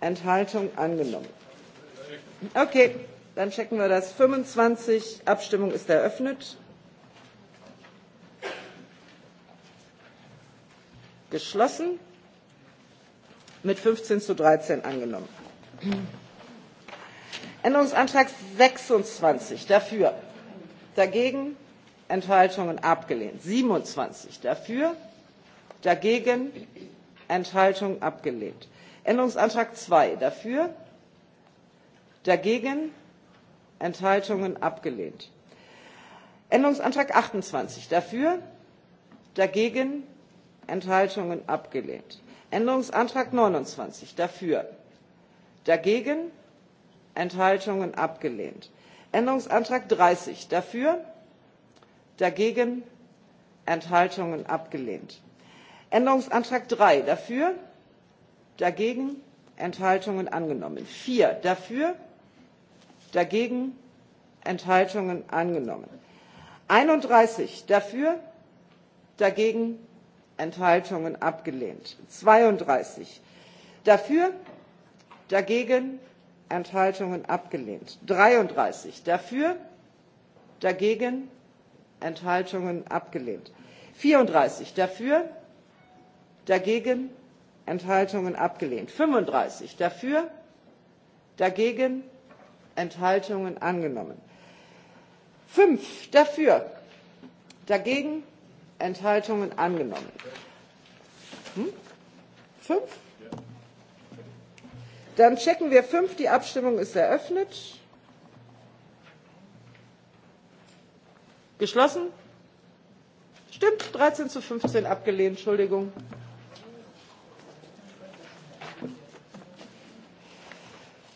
Enthaltung angenommen. Okay, dann checken wir das. 25, Abstimmung ist eröffnet. Geschlossen. Mit 15 zu 13 angenommen. Änderungsantrag 26 dafür, dagegen Enthaltungen abgelehnt. 27 dafür, dagegen Enthaltungen abgelehnt. Änderungsantrag 2 dafür, dagegen Enthaltungen abgelehnt. Änderungsantrag 28 dafür, dagegen Enthaltungen abgelehnt. Änderungsantrag 29 dafür, dagegen Enthaltungen abgelehnt. Änderungsantrag 30 dafür, dagegen Enthaltungen abgelehnt. Änderungsantrag drei dafür, dagegen Enthaltungen angenommen. vier dafür, dagegen Enthaltungen angenommen. einunddreißig dafür, dagegen Enthaltungen abgelehnt. zweiunddreißig dafür, dagegen Enthaltungen abgelehnt. dreiunddreißig dafür, dagegen Enthaltungen abgelehnt. 34 dafür, dagegen, Enthaltungen abgelehnt. 35 dafür, dagegen, Enthaltungen angenommen. 5 dafür, dagegen, Enthaltungen angenommen. Hm? 5? Dann checken wir 5. Die Abstimmung ist eröffnet. Geschlossen? Stimmt, 13 zu 15 abgelehnt, Entschuldigung.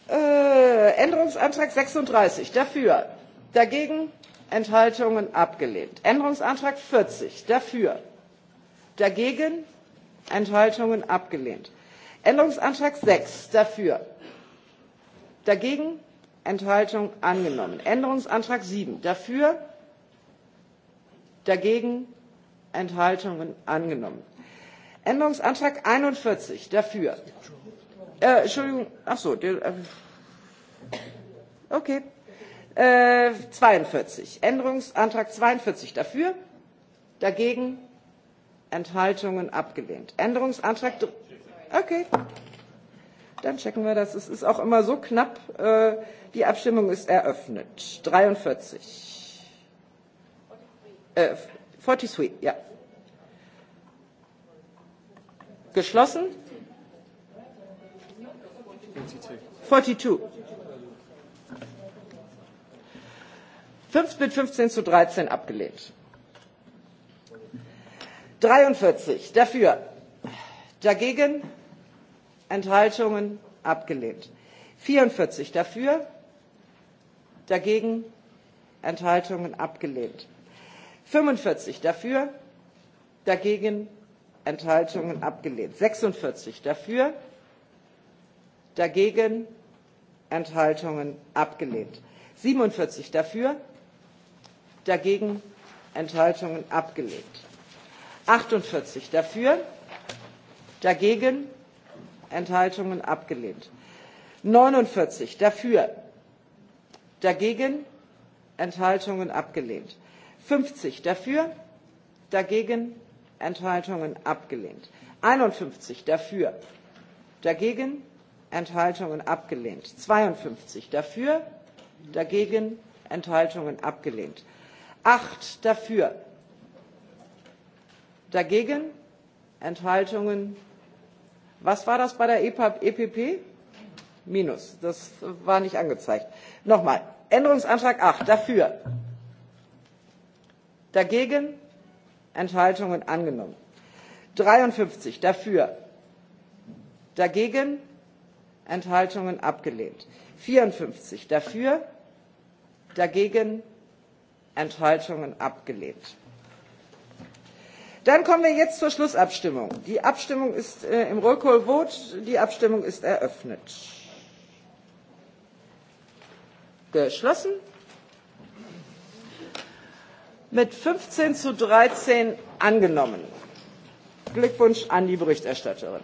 Äh, Änderungsantrag 36 dafür, dagegen Enthaltungen abgelehnt. Änderungsantrag 40 dafür, dagegen Enthaltungen abgelehnt. Änderungsantrag 6 dafür, dagegen Enthaltung angenommen. Änderungsantrag 7 dafür, dagegen Enthaltungen angenommen. Änderungsantrag 41 dafür. Äh, Entschuldigung, ach so, der, äh, okay. Äh, 42. Änderungsantrag 42 dafür, dagegen Enthaltungen abgelehnt. Änderungsantrag, okay. Dann checken wir das. Es ist auch immer so knapp. Äh, die Abstimmung ist eröffnet. 43. 43, äh, ja. Geschlossen? 42. 5 mit 15 zu 13 abgelehnt. 43 dafür, dagegen, Enthaltungen abgelehnt. 44 dafür, dagegen, Enthaltungen abgelehnt fünfundvierzig dafür, dagegen Enthaltungen abgelehnt. sechsundvierzig dafür, dagegen Enthaltungen abgelehnt. siebenundvierzig dafür, dagegen Enthaltungen abgelehnt. achtundvierzig dafür, dagegen Enthaltungen abgelehnt. neunundvierzig dafür, dagegen Enthaltungen abgelehnt. 50 dafür, dagegen Enthaltungen abgelehnt. 51 dafür, dagegen Enthaltungen abgelehnt. 52 dafür, dagegen Enthaltungen abgelehnt. 8 dafür, dagegen Enthaltungen. Was war das bei der EPP? E Minus. Das war nicht angezeigt. Nochmal. Änderungsantrag 8 dafür dagegen enthaltungen angenommen dreiundfünfzig dafür dagegen enthaltungen abgelehnt vierundfünfzig dafür dagegen enthaltungen abgelehnt. dann kommen wir jetzt zur schlussabstimmung. die abstimmung ist äh, im roll call vote die abstimmung ist eröffnet. geschlossen mit 15 zu 13 angenommen. Glückwunsch an die Berichterstatterin.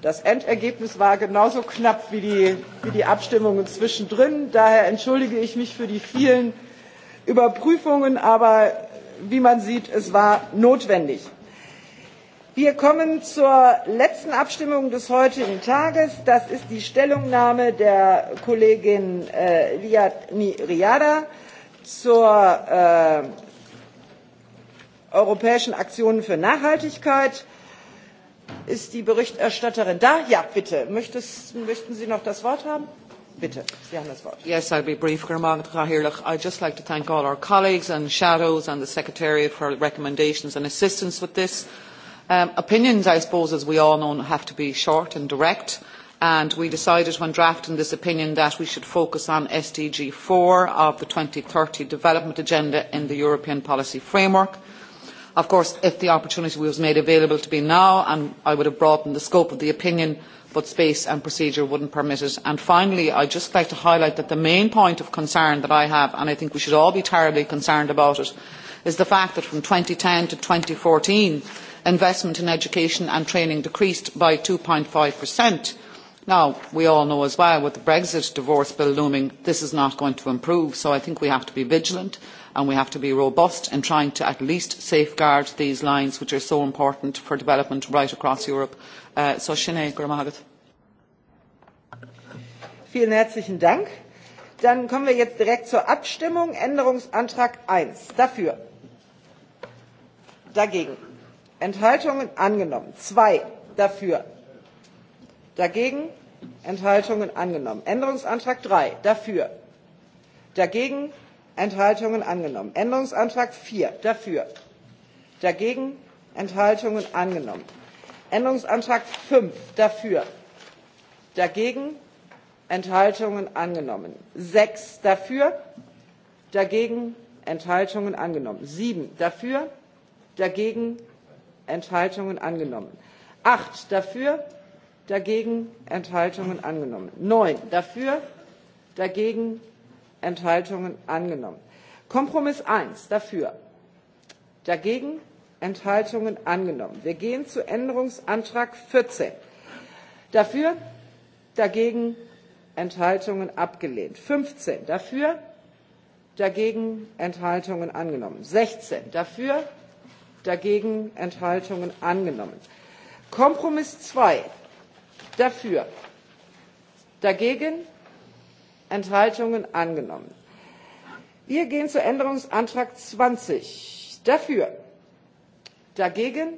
Das Endergebnis war genauso knapp wie die, wie die Abstimmungen zwischendrin. Daher entschuldige ich mich für die vielen Überprüfungen, aber wie man sieht, es war notwendig. Wir kommen zur letzten Abstimmung des heutigen Tages. Das ist die Stellungnahme der Kollegin äh, Liat Riada zur äh, europäischen aktionen für nachhaltigkeit ist die berichterstatterin da? ja bitte. möchten sie noch das wort haben? Bitte, Sie haben das Wort. Yes, I'll be brief. I'd just like to thank all our colleagues and shadows and the Secretariat for recommendations and assistance with this. Um, opinions, I suppose, as we all know, have to be short and direct. And we decided when drafting this opinion that we should focus on SDG 4 of the 2030 Development Agenda in the European Policy Framework Of course, if the opportunity was made available to me now, I would have broadened the scope of the opinion, but space and procedure wouldn't permit it. And finally, I'd just like to highlight that the main point of concern that I have, and I think we should all be terribly concerned about it, is the fact that from 2010 to 2014, investment in education and training decreased by 2.5%. Now, we all know as well, with the Brexit divorce bill looming, this is not going to improve, so I think we have to be vigilant and we have to be robust in trying to at least safeguard these lines which are so important for development right across Europe. Uh, so, Sinead Gramagat. Vielen herzlichen Dank. Dann kommen wir jetzt direkt zur Abstimmung. Änderungsantrag 1. Dafür. Dagegen. Enthaltungen angenommen. 2. Dafür. Dagegen. Enthaltungen angenommen. Änderungsantrag 3. Dafür. Dagegen. Enthaltungen angenommen. Änderungsantrag 4 dafür. Dagegen Enthaltungen angenommen. Änderungsantrag 5 dafür. Dagegen Enthaltungen angenommen. 6 dafür. Dagegen Enthaltungen angenommen. 7 dafür. Dagegen Enthaltungen angenommen. 8 dafür. Dagegen Enthaltungen angenommen. 9 dafür. Dagegen Enthaltungen angenommen. Kompromiss 1 dafür, dagegen Enthaltungen angenommen. Wir gehen zu Änderungsantrag 14. Dafür, dagegen Enthaltungen abgelehnt. 15 dafür, dagegen Enthaltungen angenommen. 16 dafür, dagegen Enthaltungen angenommen. Kompromiss 2 dafür, dagegen Enthaltungen angenommen. Wir gehen zu Änderungsantrag 20. Dafür. Dagegen.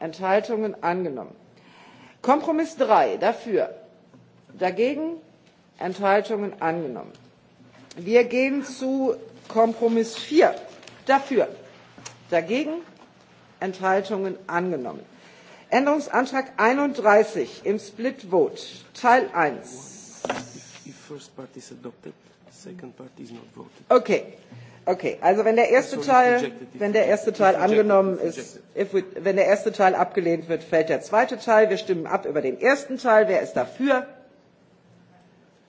Enthaltungen angenommen. Kompromiss 3. Dafür. Dagegen. Enthaltungen angenommen. Wir gehen zu Kompromiss 4. Dafür. Dagegen. Enthaltungen angenommen. Änderungsantrag 31 im Split Vote. Teil 1 first part is adopted, second part is not voted. Okay. Okay, also wenn der erste Teil, wenn der erste Teil angenommen ist, if we, wenn der erste Teil abgelehnt wird, fällt der zweite Teil. Wir stimmen ab über den ersten Teil. Wer ist dafür?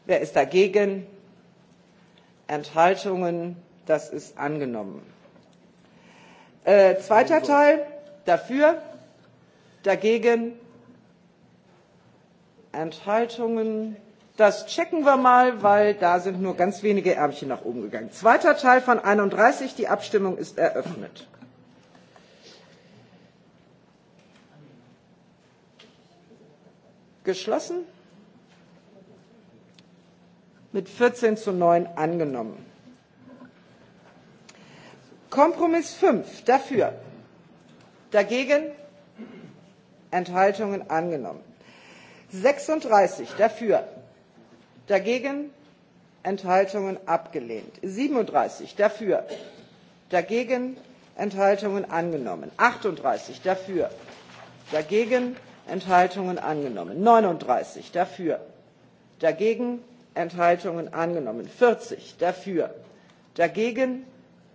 Wer ist dagegen? Enthaltungen? Das ist angenommen. Äh, zweiter Teil dafür, dagegen, Enthaltungen. Das checken wir mal, weil da sind nur ganz wenige Ärmchen nach oben gegangen. Zweiter Teil von 31, die Abstimmung ist eröffnet. Geschlossen. Mit 14 zu 9 angenommen. Kompromiss 5 dafür. Dagegen Enthaltungen angenommen. 36 dafür dagegen enthaltungen abgelehnt; siebenunddreißig dafür dagegen enthaltungen angenommen; achtunddreißig dafür dagegen enthaltungen angenommen; neununddreißig dafür dagegen enthaltungen angenommen; vierzig dafür dagegen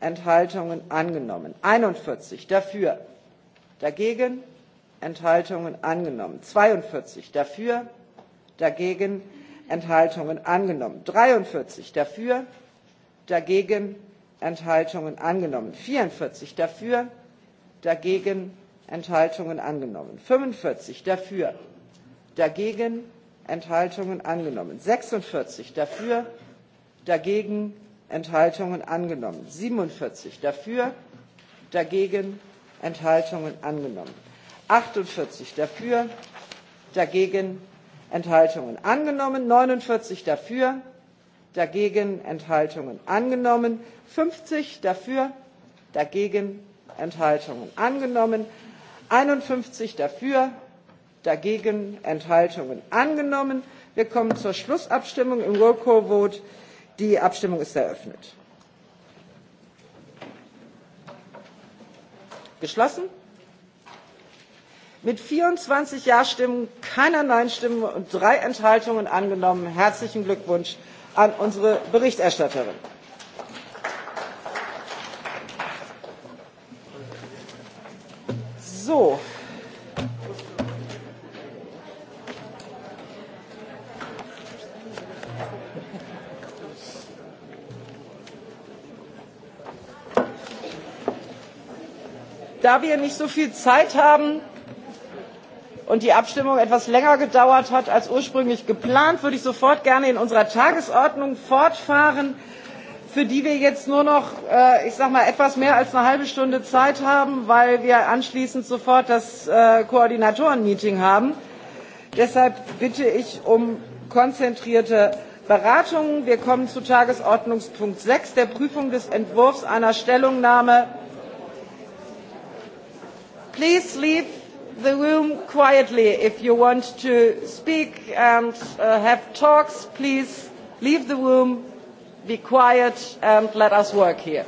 enthaltungen angenommen; einundvierzig dafür dagegen enthaltungen angenommen; zweiundvierzig dafür dagegen Enthaltungen angenommen. 43 dafür, dagegen Enthaltungen angenommen. 44 dafür, dagegen Enthaltungen angenommen. 45 dafür, dagegen Enthaltungen angenommen. 46 dafür, dagegen Enthaltungen angenommen. 47 dafür, dagegen Enthaltungen angenommen. 48 dafür, dagegen Enthaltungen angenommen, 49 dafür, dagegen Enthaltungen angenommen, 50 dafür, dagegen Enthaltungen angenommen, 51 dafür, dagegen Enthaltungen angenommen. Wir kommen zur Schlussabstimmung im Roll Call Vote. Die Abstimmung ist eröffnet. Geschlossen? mit vierundzwanzig ja stimmen keiner nein stimme und drei enthaltungen angenommen. herzlichen glückwunsch an unsere berichterstatterin! So. da wir nicht so viel zeit haben und die abstimmung etwas länger gedauert hat als ursprünglich geplant würde ich sofort gerne in unserer tagesordnung fortfahren für die wir jetzt nur noch äh, ich sag mal etwas mehr als eine halbe stunde zeit haben weil wir anschließend sofort das äh, koordinatoren meeting haben. deshalb bitte ich um konzentrierte beratungen. wir kommen zu tagesordnungspunkt sechs der prüfung des entwurfs einer stellungnahme please leave the room quietly if you want to speak and uh, have talks. Please leave the room, be quiet and let us work here.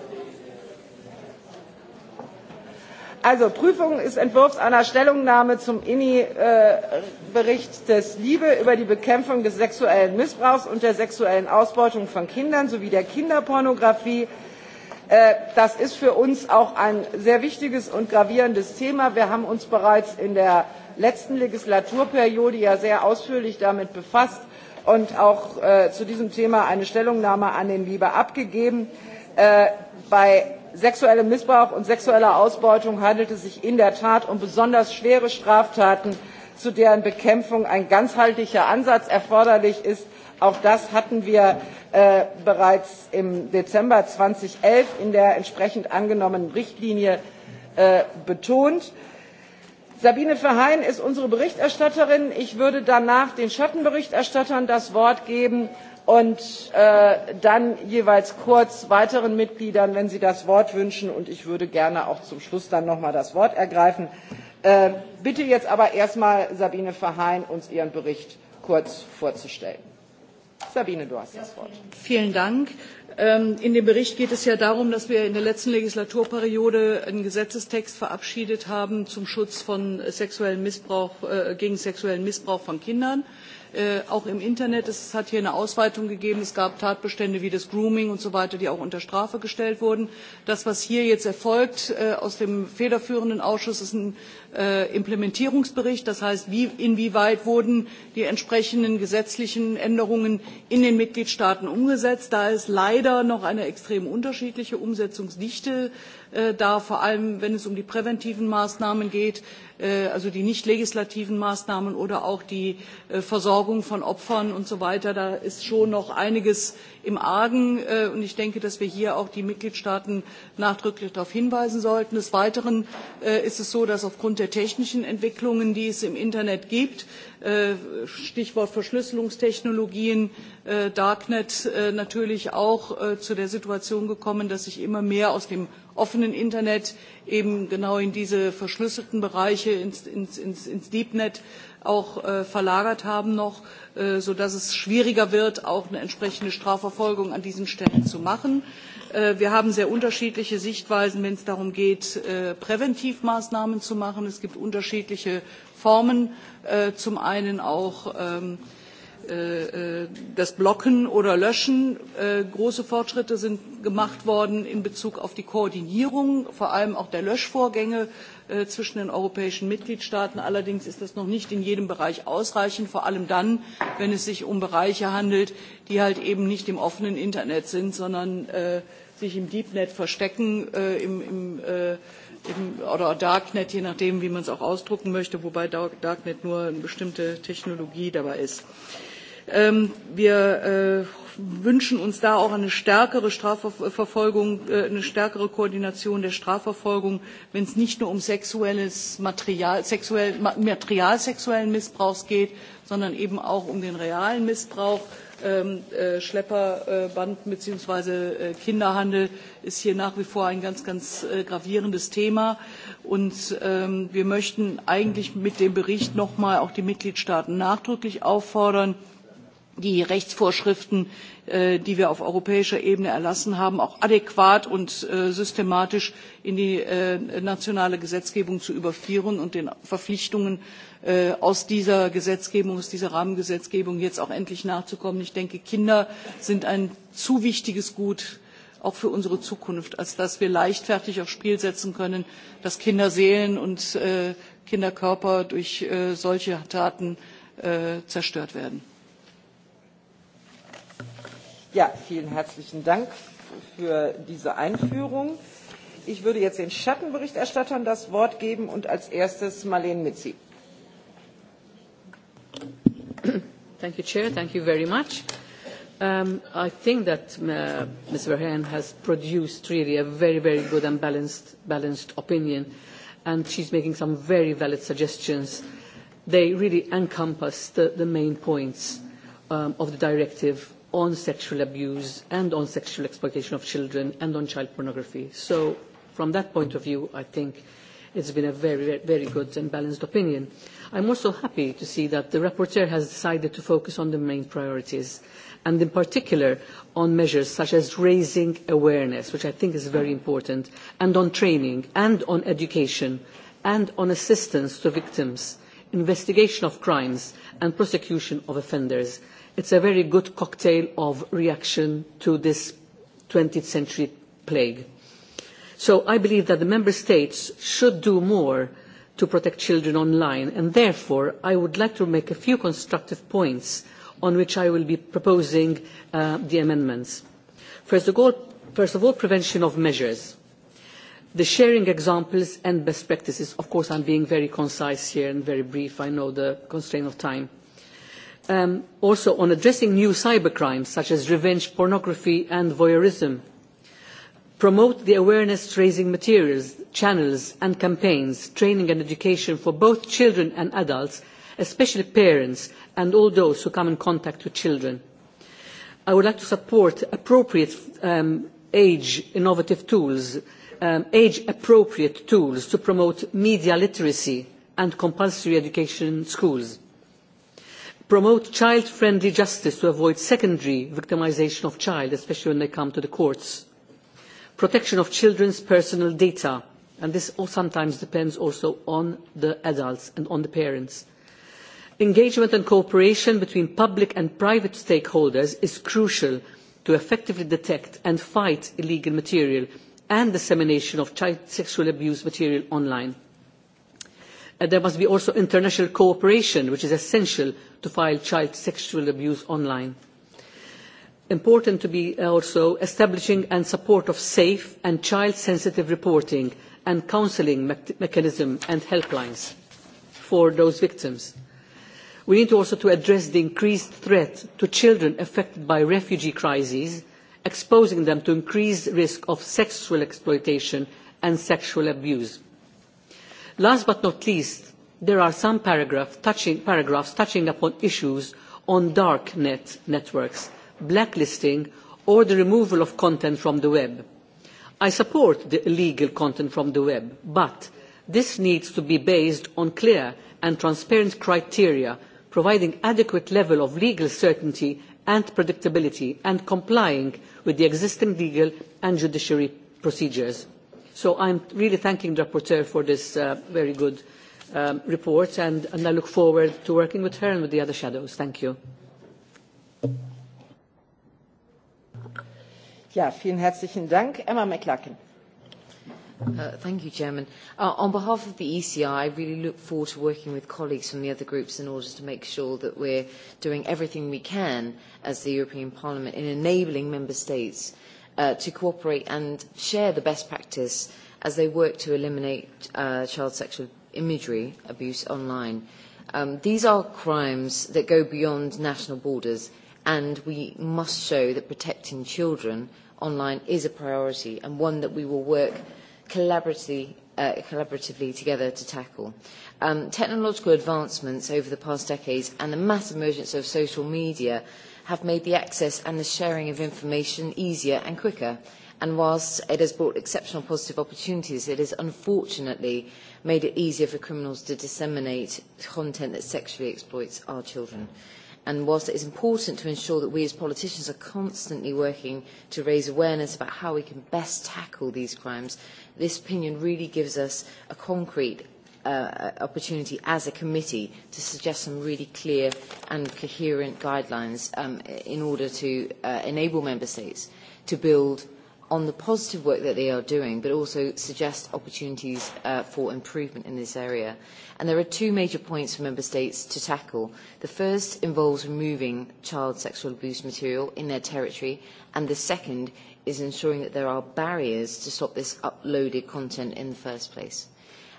Also Prüfung ist Entwurf einer Stellungnahme zum INI-Bericht äh, des LIBE über die Bekämpfung des sexuellen Missbrauchs und der sexuellen Ausbeutung von Kindern sowie der Kinderpornografie Äh, das ist für uns auch ein sehr wichtiges und gravierendes thema. wir haben uns bereits in der letzten legislaturperiode ja sehr ausführlich damit befasst und auch äh, zu diesem thema eine stellungnahme an den libe abgegeben. Äh, bei sexuellem missbrauch und sexueller ausbeutung handelt es sich in der tat um besonders schwere straftaten zu deren bekämpfung ein ganzheitlicher ansatz erforderlich ist. Auch das hatten wir äh, bereits im Dezember 2011 in der entsprechend angenommenen Richtlinie äh, betont. Sabine Verheyen ist unsere Berichterstatterin. Ich würde danach den Schattenberichterstattern das Wort geben und äh, dann jeweils kurz weiteren Mitgliedern, wenn sie das Wort wünschen. Und ich würde gerne auch zum Schluss dann nochmal das Wort ergreifen. Äh, bitte jetzt aber erstmal Sabine Verheyen, uns ihren Bericht kurz vorzustellen. Sabine, du hast das Wort. Vielen Dank. Ähm, in dem Bericht geht es ja darum, dass wir in der letzten Legislaturperiode einen Gesetzestext verabschiedet haben zum Schutz von sexuellen Missbrauch, äh, gegen sexuellen Missbrauch von Kindern. Äh, auch im Internet, es hat hier eine Ausweitung gegeben, es gab Tatbestände wie das Grooming und so weiter, die auch unter Strafe gestellt wurden. Das, was hier jetzt erfolgt äh, aus dem federführenden Ausschuss, ist ein äh, Implementierungsbericht. Das heißt, wie, inwieweit wurden die entsprechenden gesetzlichen Änderungen in den Mitgliedstaaten umgesetzt. Da ist leider noch eine extrem unterschiedliche Umsetzungsdichte äh, da, vor allem wenn es um die präventiven Maßnahmen geht, äh, also die nicht legislativen Maßnahmen oder auch die äh, Versorgung von Opfern und so weiter. Da ist schon noch einiges im Argen äh, und ich denke, dass wir hier auch die Mitgliedstaaten nachdrücklich darauf hinweisen sollten. Des Weiteren äh, ist es so, dass aufgrund der der technischen Entwicklungen, die es im Internet gibt, äh, Stichwort Verschlüsselungstechnologien, äh, Darknet äh, natürlich auch zu der Situation gekommen, dass sich immer mehr aus dem offenen Internet eben genau in diese verschlüsselten Bereiche, ins, ins, ins, Deepnet auch äh, verlagert haben noch, äh, sodass es schwieriger wird, auch eine entsprechende Strafverfolgung an diesen Stellen zu machen. Äh, wir haben sehr unterschiedliche Sichtweisen, wenn es darum geht, äh, Präventivmaßnahmen zu machen. Es gibt unterschiedliche Formen, äh, zum einen auch ähm, äh, äh, das Blocken oder Löschen. Äh, große Fortschritte sind gemacht worden in Bezug auf die Koordinierung, vor allem auch der Löschvorgänge Äh, zwischen den europäischen mitgliedstaaten. allerdings ist das noch nicht in jedem bereich ausreichend vor allem dann wenn es sich um bereiche handelt die halt eben nicht im offenen internet sind sondern äh, sich im deepnet verstecken äh, im, im, im, oder darknet je nachdem wie man es auch ausdrucken möchte wobei darknet nur eine bestimmte technologie dabei ist. Ähm, wir wünschen uns da auch eine stärkere Strafverfolgung, äh, eine stärkere Koordination der Strafverfolgung, wenn es nicht nur um sexuelles Material, sexuell, Material sexuellen Missbrauchs geht, sondern eben auch um den realen Missbrauch. Ähm, äh, Schlepperband bzw. Äh, Kinderhandel ist hier nach wie vor ein ganz, ganz gravierendes Thema. Und ähm, wir möchten eigentlich mit dem Bericht nochmal auch die Mitgliedstaaten nachdrücklich auffordern, die rechtsvorschriften äh, die wir auf europäischer ebene erlassen haben auch adäquat und äh, systematisch in die äh, nationale gesetzgebung zu überführen und den verpflichtungen aus dieser gesetzgebung aus dieser rahmengesetzgebung jetzt auch endlich nachzukommen. ich denke kinder sind ein zu wichtiges gut auch für unsere zukunft als dass wir leichtfertig aufs spiel setzen können dass kinderseelen und kinderkörper durch solche taten zerstört werden. Ja, vielen herzlichen Dank für diese Einführung. Ich würde jetzt den Schattenberichterstattern das Wort geben und als erstes Marlene Mitzi. Thank you, Chair. Thank you very much. Um, I think that uh, Ms. Verheyen has produced really a very, very good and balanced, balanced opinion, and she's making some very valid suggestions. They really encompass the, the main points um, of the directive on sexual abuse and on sexual exploitation of children and on child pornography. So from that point of view, I think it's been a very, very good and balanced opinion. I'm also happy to see that the rapporteur has decided to focus on the main priorities and in particular on measures such as raising awareness, which I think is very important, and on training and on education and on assistance to victims, investigation of crimes and prosecution of offenders it's a very good cocktail of reaction to this 20th century plague. So I believe that the member states should do more to protect children online, and therefore I would like to make a few constructive points on which I will be proposing uh, the amendments. First of, all, first of all, prevention of measures. The sharing examples and best practices, of course I'm being very concise here and very brief, I know the constraint of time um, also on addressing new cybercrimes such as revenge pornography and voyeurism, promote the awareness-raising materials, channels and campaigns, training and education for both children and adults, especially parents and all those who come in contact with children. I would like to support appropriate um, age innovative tools, um, age appropriate tools to promote media literacy and compulsory education in schools promote child-friendly justice to avoid secondary victimisation of child, especially when they come to the courts, protection of children's personal data, and this sometimes depends also on the adults and on the parents. Engagement and cooperation between public and private stakeholders is crucial to effectively detect and fight illegal material and dissemination of child sexual abuse material online Uh, there must be also international cooperation, which is essential to fight child sexual abuse online. Important to be also establishing and support of safe and child-sensitive reporting and counselling me mechanism and helplines for those victims. We need also to address the increased threat to children affected by refugee crises, exposing them to increased risk of sexual exploitation and sexual abuse Last but not least, there are some paragraph touching, paragraphs touching upon issues on dark net networks, blacklisting or the removal of content from the web. I support the illegal content from the web, but this needs to be based on clear and transparent criteria providing adequate level of legal certainty and predictability and complying with the existing legal and judiciary procedures. So I'm really thanking the rapporteur for this uh, very good um, report, and, and I look forward to working with her and with the other shadows. Thank you. Yeah, vielen herzlichen Dank. Emma McLaughlin. Uh, thank you, Chairman. Uh, on behalf of the ECI, I really look forward to working with colleagues from the other groups in order to make sure that we're doing everything we can as the European Parliament in enabling member states uh, to cooperate and share the best practice as they work to eliminate uh, child sexual imagery abuse online. Um, these are crimes that go beyond national borders, and we must show that protecting children online is a priority and one that we will work collaboratively, uh, collaboratively together to tackle. Um, technological advancements over the past decades and the mass emergence of social media have made the access and the sharing of information easier and quicker. And whilst it has brought exceptional positive opportunities, it has unfortunately made it easier for criminals to disseminate content that sexually exploits our children. And whilst it is important to ensure that we as politicians are constantly working to raise awareness about how we can best tackle these crimes, this opinion really gives us a concrete Uh, uh, opportunity as a committee to suggest some really clear and coherent guidelines um, in order to uh, enable member states to build on the positive work that they are doing, but also suggest opportunities uh, for improvement in this area. And there are two major points for member states to tackle. The first involves removing child sexual abuse material in their territory, and the second is ensuring that there are barriers to stop this uploaded content in the first place.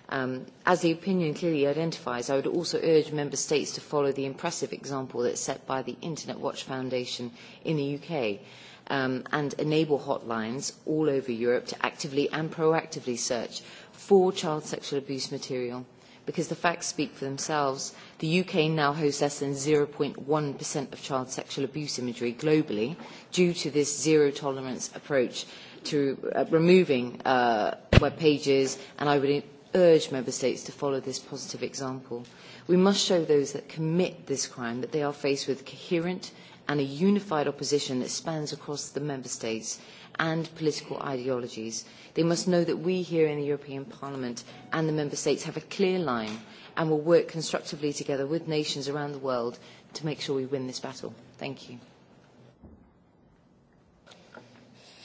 Um, as the opinion clearly identifies, I would also urge Member States to follow the impressive example that's set by the Internet Watch Foundation in the UK um, and enable hotlines all over Europe to actively and proactively search for child sexual abuse material because the facts speak for themselves. The UK now hosts less than 0.1% of child sexual abuse imagery globally due to this zero tolerance approach to uh, removing uh, web pages and I would urge member states to follow this positive example. We must show those that commit this crime that they are faced with coherent and a unified opposition that spans across the member states and political ideologies. They must know that we here in the European Parliament and the member states have a clear line and will work constructively together with nations around the world to make sure we win this battle. Thank you.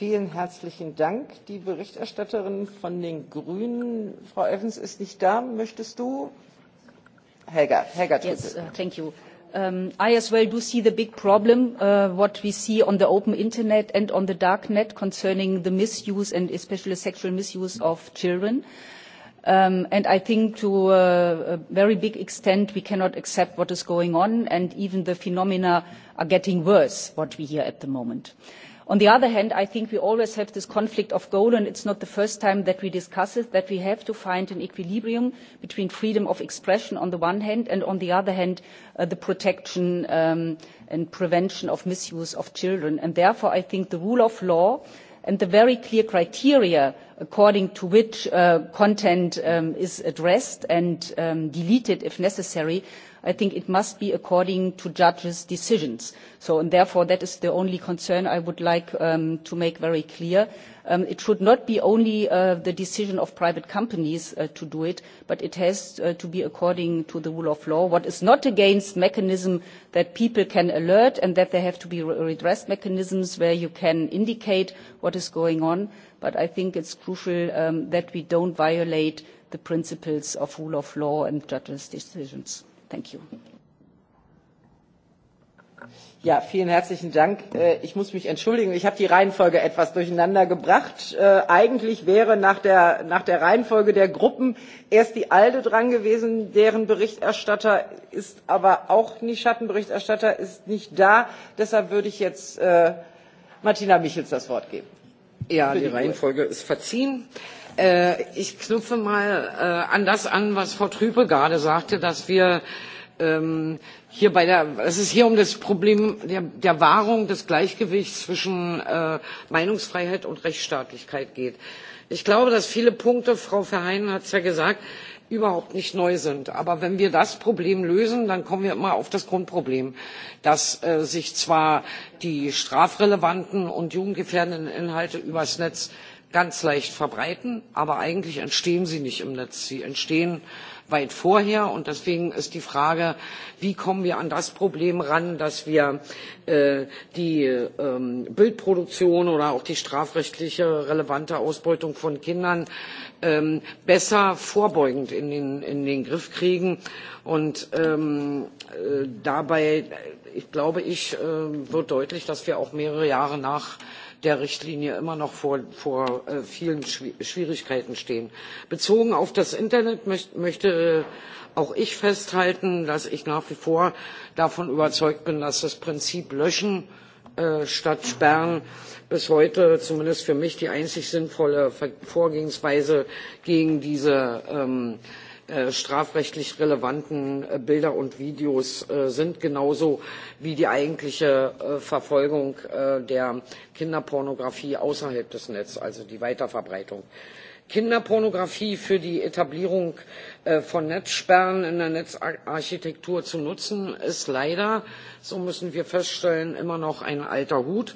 Vielen herzlichen Dank. Die Berichterstatterin von den Grünen, Frau Evans, ist nicht da. Möchtest du? Helga, Helga Yes, uh, thank you. Um, I as well do see the big problem, uh, what we see on the open internet and on the dark net concerning the misuse and especially sexual misuse of children. Um, and I think to a, uh, a very big extent we cannot accept what is going on and even the phenomena are getting worse, what we hear at the moment. Uh, on the other hand i think we always have this conflict of goal and it's not the first time that we discuss it that we have to find an equilibrium between freedom of expression on the one hand and on the other hand uh, the protection um, and prevention of misuse of children and therefore i think the rule of law and the very clear criteria according to which uh, content um, is addressed and um, deleted if necessary i think it must be according to judges' decisions. So, and therefore, that is the only concern I would like um, to make very clear. Um, it should not be only uh, the decision of private companies uh, to do it, but it has uh, to be according to the rule of law. What is not against mechanism that people can alert and that there have to be redress mechanisms where you can indicate what is going on, but I think it's crucial um, that we don't violate the principles of rule of law and judges' decisions. Thank you. Ja, vielen herzlichen Dank. Äh, ich muss mich entschuldigen, ich habe die Reihenfolge etwas durcheinander gebracht. Äh, eigentlich wäre nach der, nach der Reihenfolge der Gruppen erst die ALDE dran gewesen, deren Berichterstatter ist aber auch nicht Schattenberichterstatter, ist nicht da. Deshalb würde ich jetzt äh, Martina Michels das Wort geben. Ja, die, die Reihenfolge Uhr. ist verziehen. ich knüpfe mal an das an, was Frau Trübe gerade sagte, dass wir Ähm, hier bei der, es ist hier um das Problem der, der Wahrung des Gleichgewichts zwischen äh, Meinungsfreiheit und Rechtsstaatlichkeit geht. Ich glaube, dass viele Punkte, Frau Verheyen hat es ja gesagt, überhaupt nicht neu sind. Aber wenn wir das Problem lösen, dann kommen wir immer auf das Grundproblem, dass äh, sich zwar die strafrelevanten und jugendgefährdenden Inhalte übers Netz ganz leicht verbreiten, aber eigentlich entstehen sie nicht im Netz. Sie entstehen äh, weit vorher. Und deswegen ist die Frage, wie kommen wir an das Problem ran, dass wir äh, die ähm, Bildproduktion oder auch die strafrechtliche relevante Ausbeutung von Kindern ähm, besser vorbeugend in den, in den Griff kriegen. Und ähm, äh, dabei, ich glaube ich, äh, wird deutlich, dass wir auch mehrere Jahre nach der richtlinie immer noch vor, äh, vielen schwierigkeiten stehen. bezogen auf das internet möchte äh, auch ich festhalten dass ich nach wie vor davon überzeugt bin dass das prinzip löschen äh, statt sperren bis heute zumindest für mich die einzig sinnvolle vorgehensweise gegen diese ähm, Äh, strafrechtlich relevanten äh, Bilder und Videos äh, sind, genauso wie die eigentliche Verfolgung der Kinderpornografie außerhalb des Netzes, also die Weiterverbreitung. Kinderpornografie für die Etablierung äh, von Netzsperren in der Netzarchitektur zu nutzen, ist leider, so müssen wir feststellen, immer noch ein alter Hut.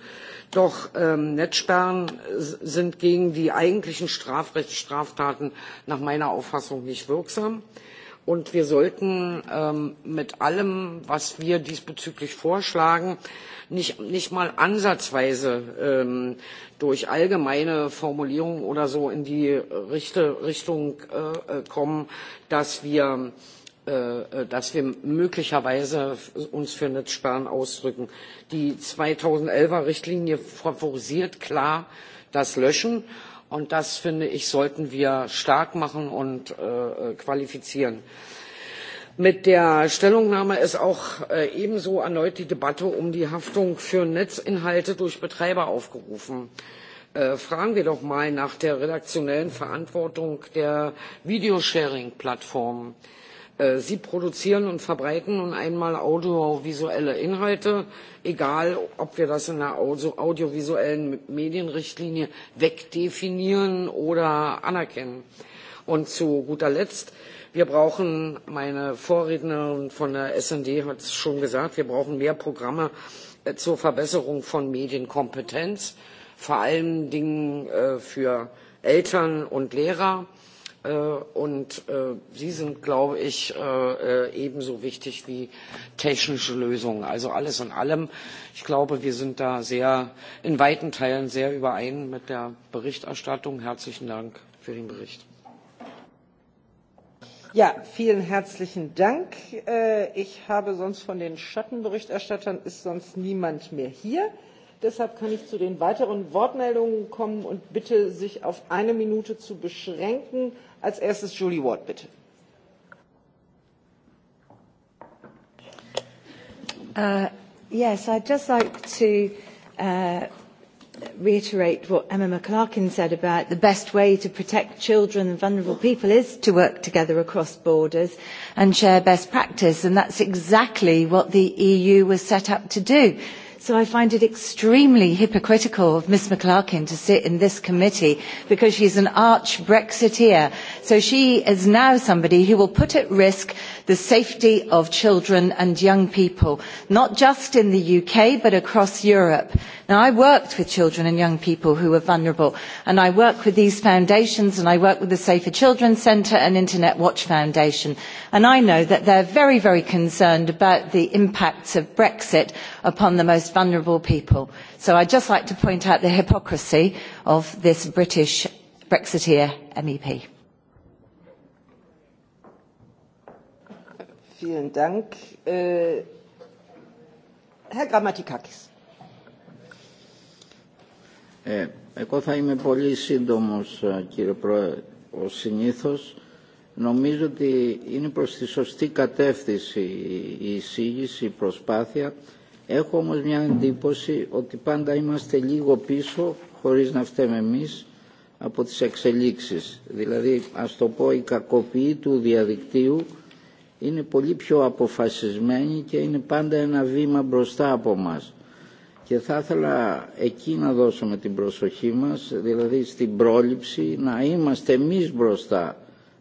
Doch ähm, Netzsperren sind gegen die eigentlichen Strafrechtsstraftaten nach meiner Auffassung nicht wirksam. Und wir sollten ähm, mit allem, was wir diesbezüglich vorschlagen, nicht, nicht mal ansatzweise ähm, durch allgemeine Formulierungen oder so in die Richte, Richtung äh, äh kommen, dass wir, äh, äh, dass wir möglicherweise uns für Netzsperren ausdrücken. Die 2011er Richtlinie favorisiert klar das Löschen Und das, finde ich, sollten wir stark machen und äh, qualifizieren. Mit der Stellungnahme ist auch äh, ebenso erneut die Debatte um die Haftung für Netzinhalte durch Betreiber aufgerufen. Äh, fragen wir doch mal nach der redaktionellen Verantwortung der Videosharing-Plattformen. Äh, sie produzieren und verbreiten nun einmal audiovisuelle Inhalte, egal ob wir das in der audiovisuellen Medienrichtlinie wegdefinieren oder anerkennen. Und zu guter Letzt, wir brauchen, meine Vorrednerin von der S&D hat es schon gesagt, wir brauchen mehr Programme äh, zur Verbesserung von Medienkompetenz, vor allen Dingen äh, für Eltern und Lehrer Äh, und äh, sie sind, glaube ich, äh, ebenso wichtig wie technische Lösungen. Also alles in allem, ich glaube, wir sind da sehr, in weiten Teilen sehr überein mit der Berichterstattung. Herzlichen Dank für den Bericht. Ja, vielen herzlichen Dank. Ich habe sonst von den Schattenberichterstattern ist sonst niemand mehr hier. Deshalb kann ich zu den weiteren Wortmeldungen kommen und bitte, sich auf eine Minute zu beschränken. Als erstes Julie Ward, bitte. Uh, yes, I'd just like to uh, reiterate what Emma McClarkin said about the best way to protect children and vulnerable people is to work together across borders and share best practice. And that's exactly what the EU was set up to do So I find it extremely hypocritical of Miss McClarkin to sit in this committee because she's an arch Brexiteer. So she is now somebody who will put at risk the safety of children and young people, not just in the UK but across Europe. Now I worked with children and young people who were vulnerable and I work with these foundations and I work with the Safer Children Centre and Internet Watch Foundation and I know that they're very, very concerned about the impacts of Brexit upon the most vulnerable people. So I'd just like to point out the hypocrisy of this British Brexiteer MEP. Vielen Dank. Äh, Herr Grammatikakis. εγώ θα είμαι πολύ σύντομος κύριε Πρόεδρε, ως συνήθως. Νομίζω ότι είναι προς τη σωστή κατεύθυνση η εισήγηση, η προσπάθεια Έχω όμως μια εντύπωση ότι πάντα είμαστε λίγο πίσω, χωρίς να φταίμε εμείς, από τις εξελίξεις. Δηλαδή, ας το πω, η κακοποίη του διαδικτύου είναι πολύ πιο αποφασισμένη και είναι πάντα ένα βήμα μπροστά από μας. Και θα ήθελα εκεί να δώσουμε την προσοχή μας, δηλαδή στην πρόληψη, να είμαστε εμείς μπροστά,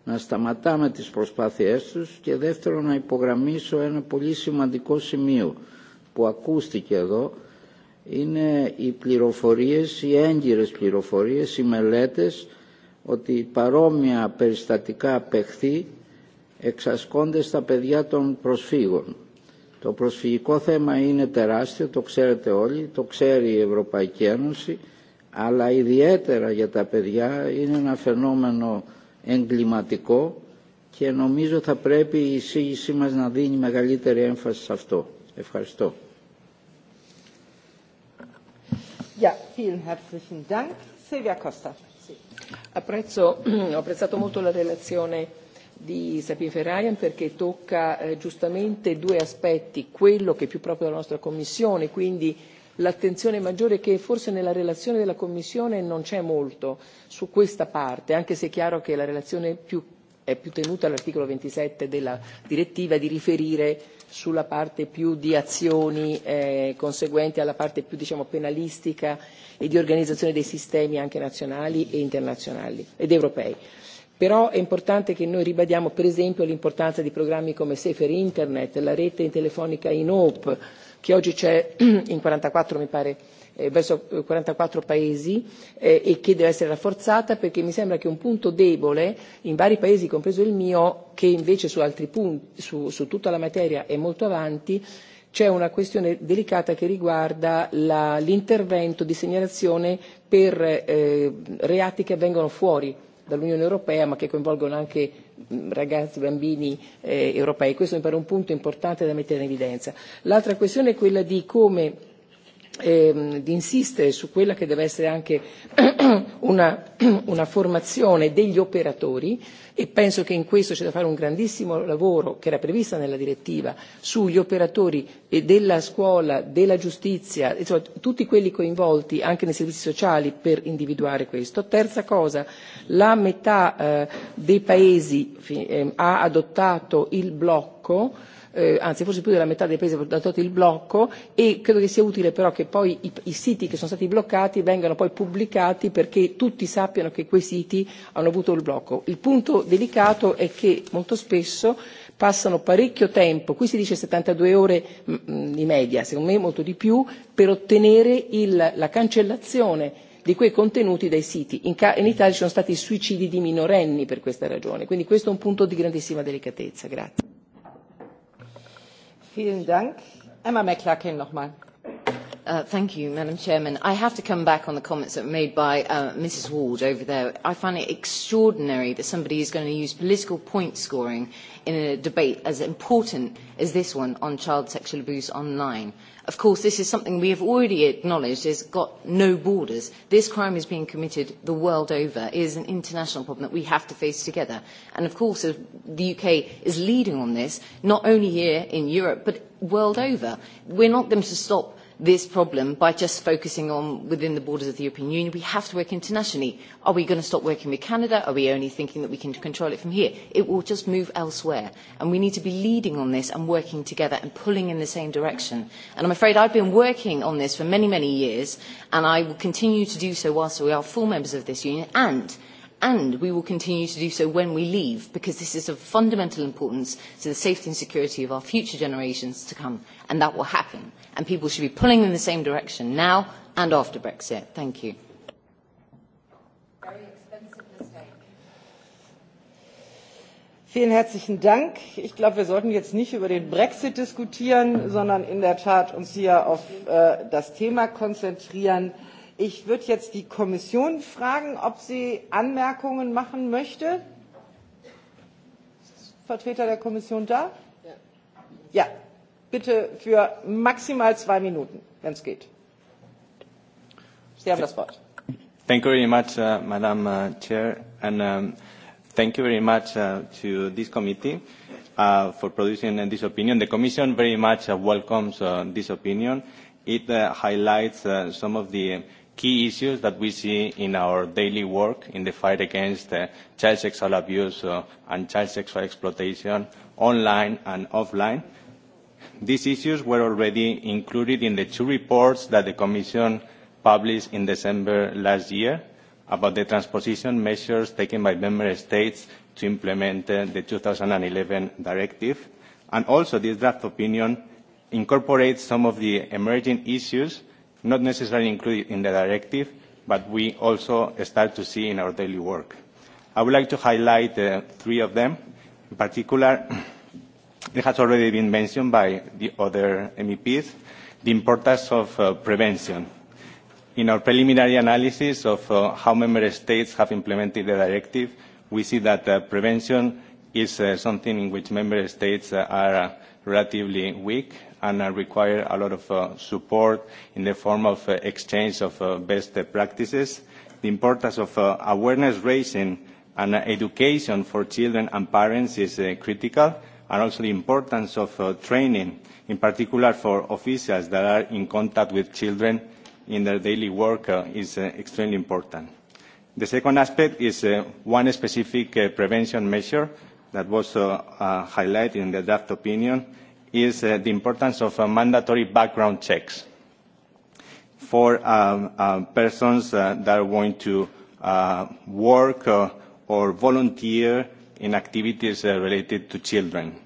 να σταματάμε τις προσπάθειές τους και δεύτερον να υπογραμμίσω ένα πολύ σημαντικό σημείο – που ακούστηκε εδώ είναι οι πληροφορίες, οι έγκυρες πληροφορίες, οι μελέτες ότι παρόμοια περιστατικά απεχθεί εξασκώνται στα παιδιά των προσφύγων. Το προσφυγικό θέμα είναι τεράστιο, το ξέρετε όλοι, το ξέρει η Ευρωπαϊκή Ένωση, αλλά ιδιαίτερα για τα παιδιά είναι ένα φαινόμενο εγκληματικό και νομίζω θα πρέπει η εισήγησή μας να δίνει μεγαλύτερη έμφαση σε αυτό. Ευχαριστώ. Ja, vielen herzlichen Dank. Silvia Costa. Sì. Apprezzo, ho apprezzato molto la relazione di Sabine Ferrarian perché tocca eh, giustamente due aspetti, quello che è più proprio della nostra Commissione, quindi l'attenzione maggiore che forse nella relazione della Commissione non c'è molto su questa parte, anche se è chiaro che la relazione più è più tenuto all'articolo 27 della direttiva di riferire sulla parte più di azioni eh, conseguenti alla parte più diciamo, penalistica e di organizzazione dei sistemi anche nazionali e internazionali ed europei. Però è importante che noi ribadiamo per esempio l'importanza di programmi come Safer Internet, la rete in telefonica in Hope, che oggi c'è in 44 mi pare Eh, verso quarantaquattro paesi eh, e che deve essere rafforzata perché mi sembra che un punto debole in vari paesi, compreso il mio, che invece su, altri punti, su, tutta la materia è molto avanti, c'è una questione delicata che riguarda l'intervento di segnalazione per eh, reati che avvengono fuori dall'Unione Europea ma che coinvolgono anche mm, ragazzi, bambini eh, europei. Questo mi pare un punto importante da mettere in evidenza. L'altra questione è quella di come ehm, di insistere su quella che deve essere anche una, una formazione degli operatori e penso che in questo c'è da fare un grandissimo lavoro che era previsto nella direttiva sugli operatori e della scuola, della giustizia, insomma tutti quelli coinvolti anche nei servizi sociali per individuare questo. Terza cosa, la metà eh, dei paesi eh, ha adottato il blocco eh, anzi forse più della metà dei paesi ha votato il blocco e credo che sia utile però che poi i, i siti che sono stati bloccati vengano poi pubblicati perché tutti sappiano che quei siti hanno avuto il blocco. Il punto delicato è che molto spesso passano parecchio tempo, qui si dice 72 ore di media, secondo me molto di più, per ottenere il, la cancellazione di quei contenuti dai siti. In, in Italia ci sono stati suicidi di minorenni per questa ragione, quindi questo è un punto di grandissima delicatezza. Grazie. Vielen Dank. Emma McClarkin nochmal. Uh, thank you, Madam Chairman. I have to come back on the comments that were made by uh, Mrs. Ward over there. I find it extraordinary that somebody is going to use political point scoring in a debate as important as this one on child sexual abuse online. Of course, this is something we have already acknowledged has got no borders. This crime is being committed the world over. It is an international problem that we have to face together. And of course, the UK is leading on this, not only here in Europe, but world over. We're not going to stop this problem by just focusing on within the borders of the European Union. We have to work internationally. Are we going to stop working with Canada? Are we only thinking that we can control it from here? It will just move elsewhere. And we need to be leading on this and working together and pulling in the same direction. And I'm afraid I've been working on this for many, many years, and I will continue to do so whilst we are full members of this union. And and we will continue to do so when we leave because this is of fundamental importance to the safety and security of our future generations to come and that will happen and people should be pulling in the same direction now and after Brexit. Thank you. Vielen herzlichen Dank. Ich glaube, wir sollten jetzt nicht über den Brexit diskutieren, sondern in der Tat uns hier auf äh, das Thema konzentrieren. Ich würde jetzt die Kommission fragen, ob sie Anmerkungen machen möchte. Ist Vertreter der Kommission da? Ja. ja bitte für maximal zwei Minuten, wenn es geht. Sie haben das Wort. Thank you very much, uh, Madam uh, Chair, and um, thank you very much uh, to this committee uh, for producing uh, this opinion. The Commission very much uh, welcomes uh, this opinion. It uh, highlights uh, some of the key issues that we see in our daily work in the fight against uh, child sexual abuse uh, and child sexual exploitation online and offline. These issues were already included in the two reports that the Commission published in December last year about the transposition measures taken by member states to implement uh, the 2011 directive. And also this draft opinion incorporates some of the emerging issues not necessarily included in the directive, but we also start to see in our daily work. I would like to highlight uh, three of them. In particular, It has already been mentioned by the other MEPs, the importance of uh, prevention. In our preliminary analysis of uh, how member states have implemented the directive, we see that uh, prevention is uh, something in which member states uh, are uh, relatively weak and uh, require a lot of uh, support in the form of uh, exchange of uh, best uh, practices. The importance of uh, awareness raising and uh, education for children and parents is uh, critical and also the importance of uh, training, in particular for officials that are in contact with children in their daily work, uh, is uh, extremely important. The second aspect is uh, one specific uh, prevention measure that was uh, uh, highlighted in the draft opinion is uh, the importance of uh, mandatory background checks for um, uh, persons uh, that are going to uh, work uh, or volunteer in activities uh, related to children.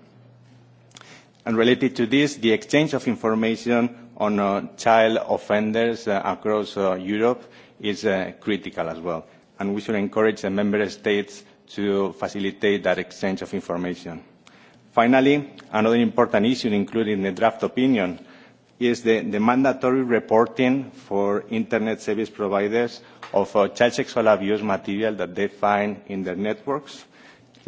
And related to this, the exchange of information on uh, child offenders uh, across uh, Europe is uh, critical as well. And we should encourage the uh, member states to facilitate that exchange of information. Finally, another important issue included in the draft opinion is the, the mandatory reporting for internet service providers of uh, child sexual abuse material that they find in their networks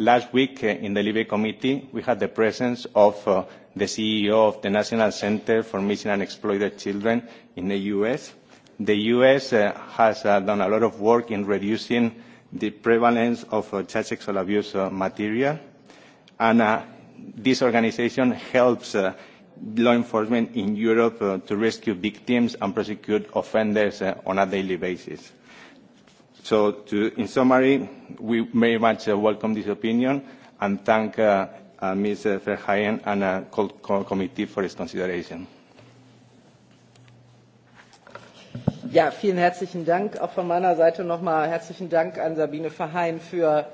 Last week eh, in the Libe Committee, we had the presence of uh, the CEO of the National Center for Missing and Exploited Children in the U.S. The U.S. Uh, eh, has uh, done a lot of work in reducing the prevalence of uh, child sexual abuse uh, material, and uh, this organization helps uh, law enforcement in Europe uh, to rescue victims and prosecute offenders uh, on a daily basis. So to, in summary, we very much uh, welcome this opinion and thank uh, uh, Ms. Verheyen uh, and the uh, co co committee for its consideration. Ja, vielen herzlichen Dank. Auch von meiner Seite nochmal herzlichen Dank an Sabine Verheyen für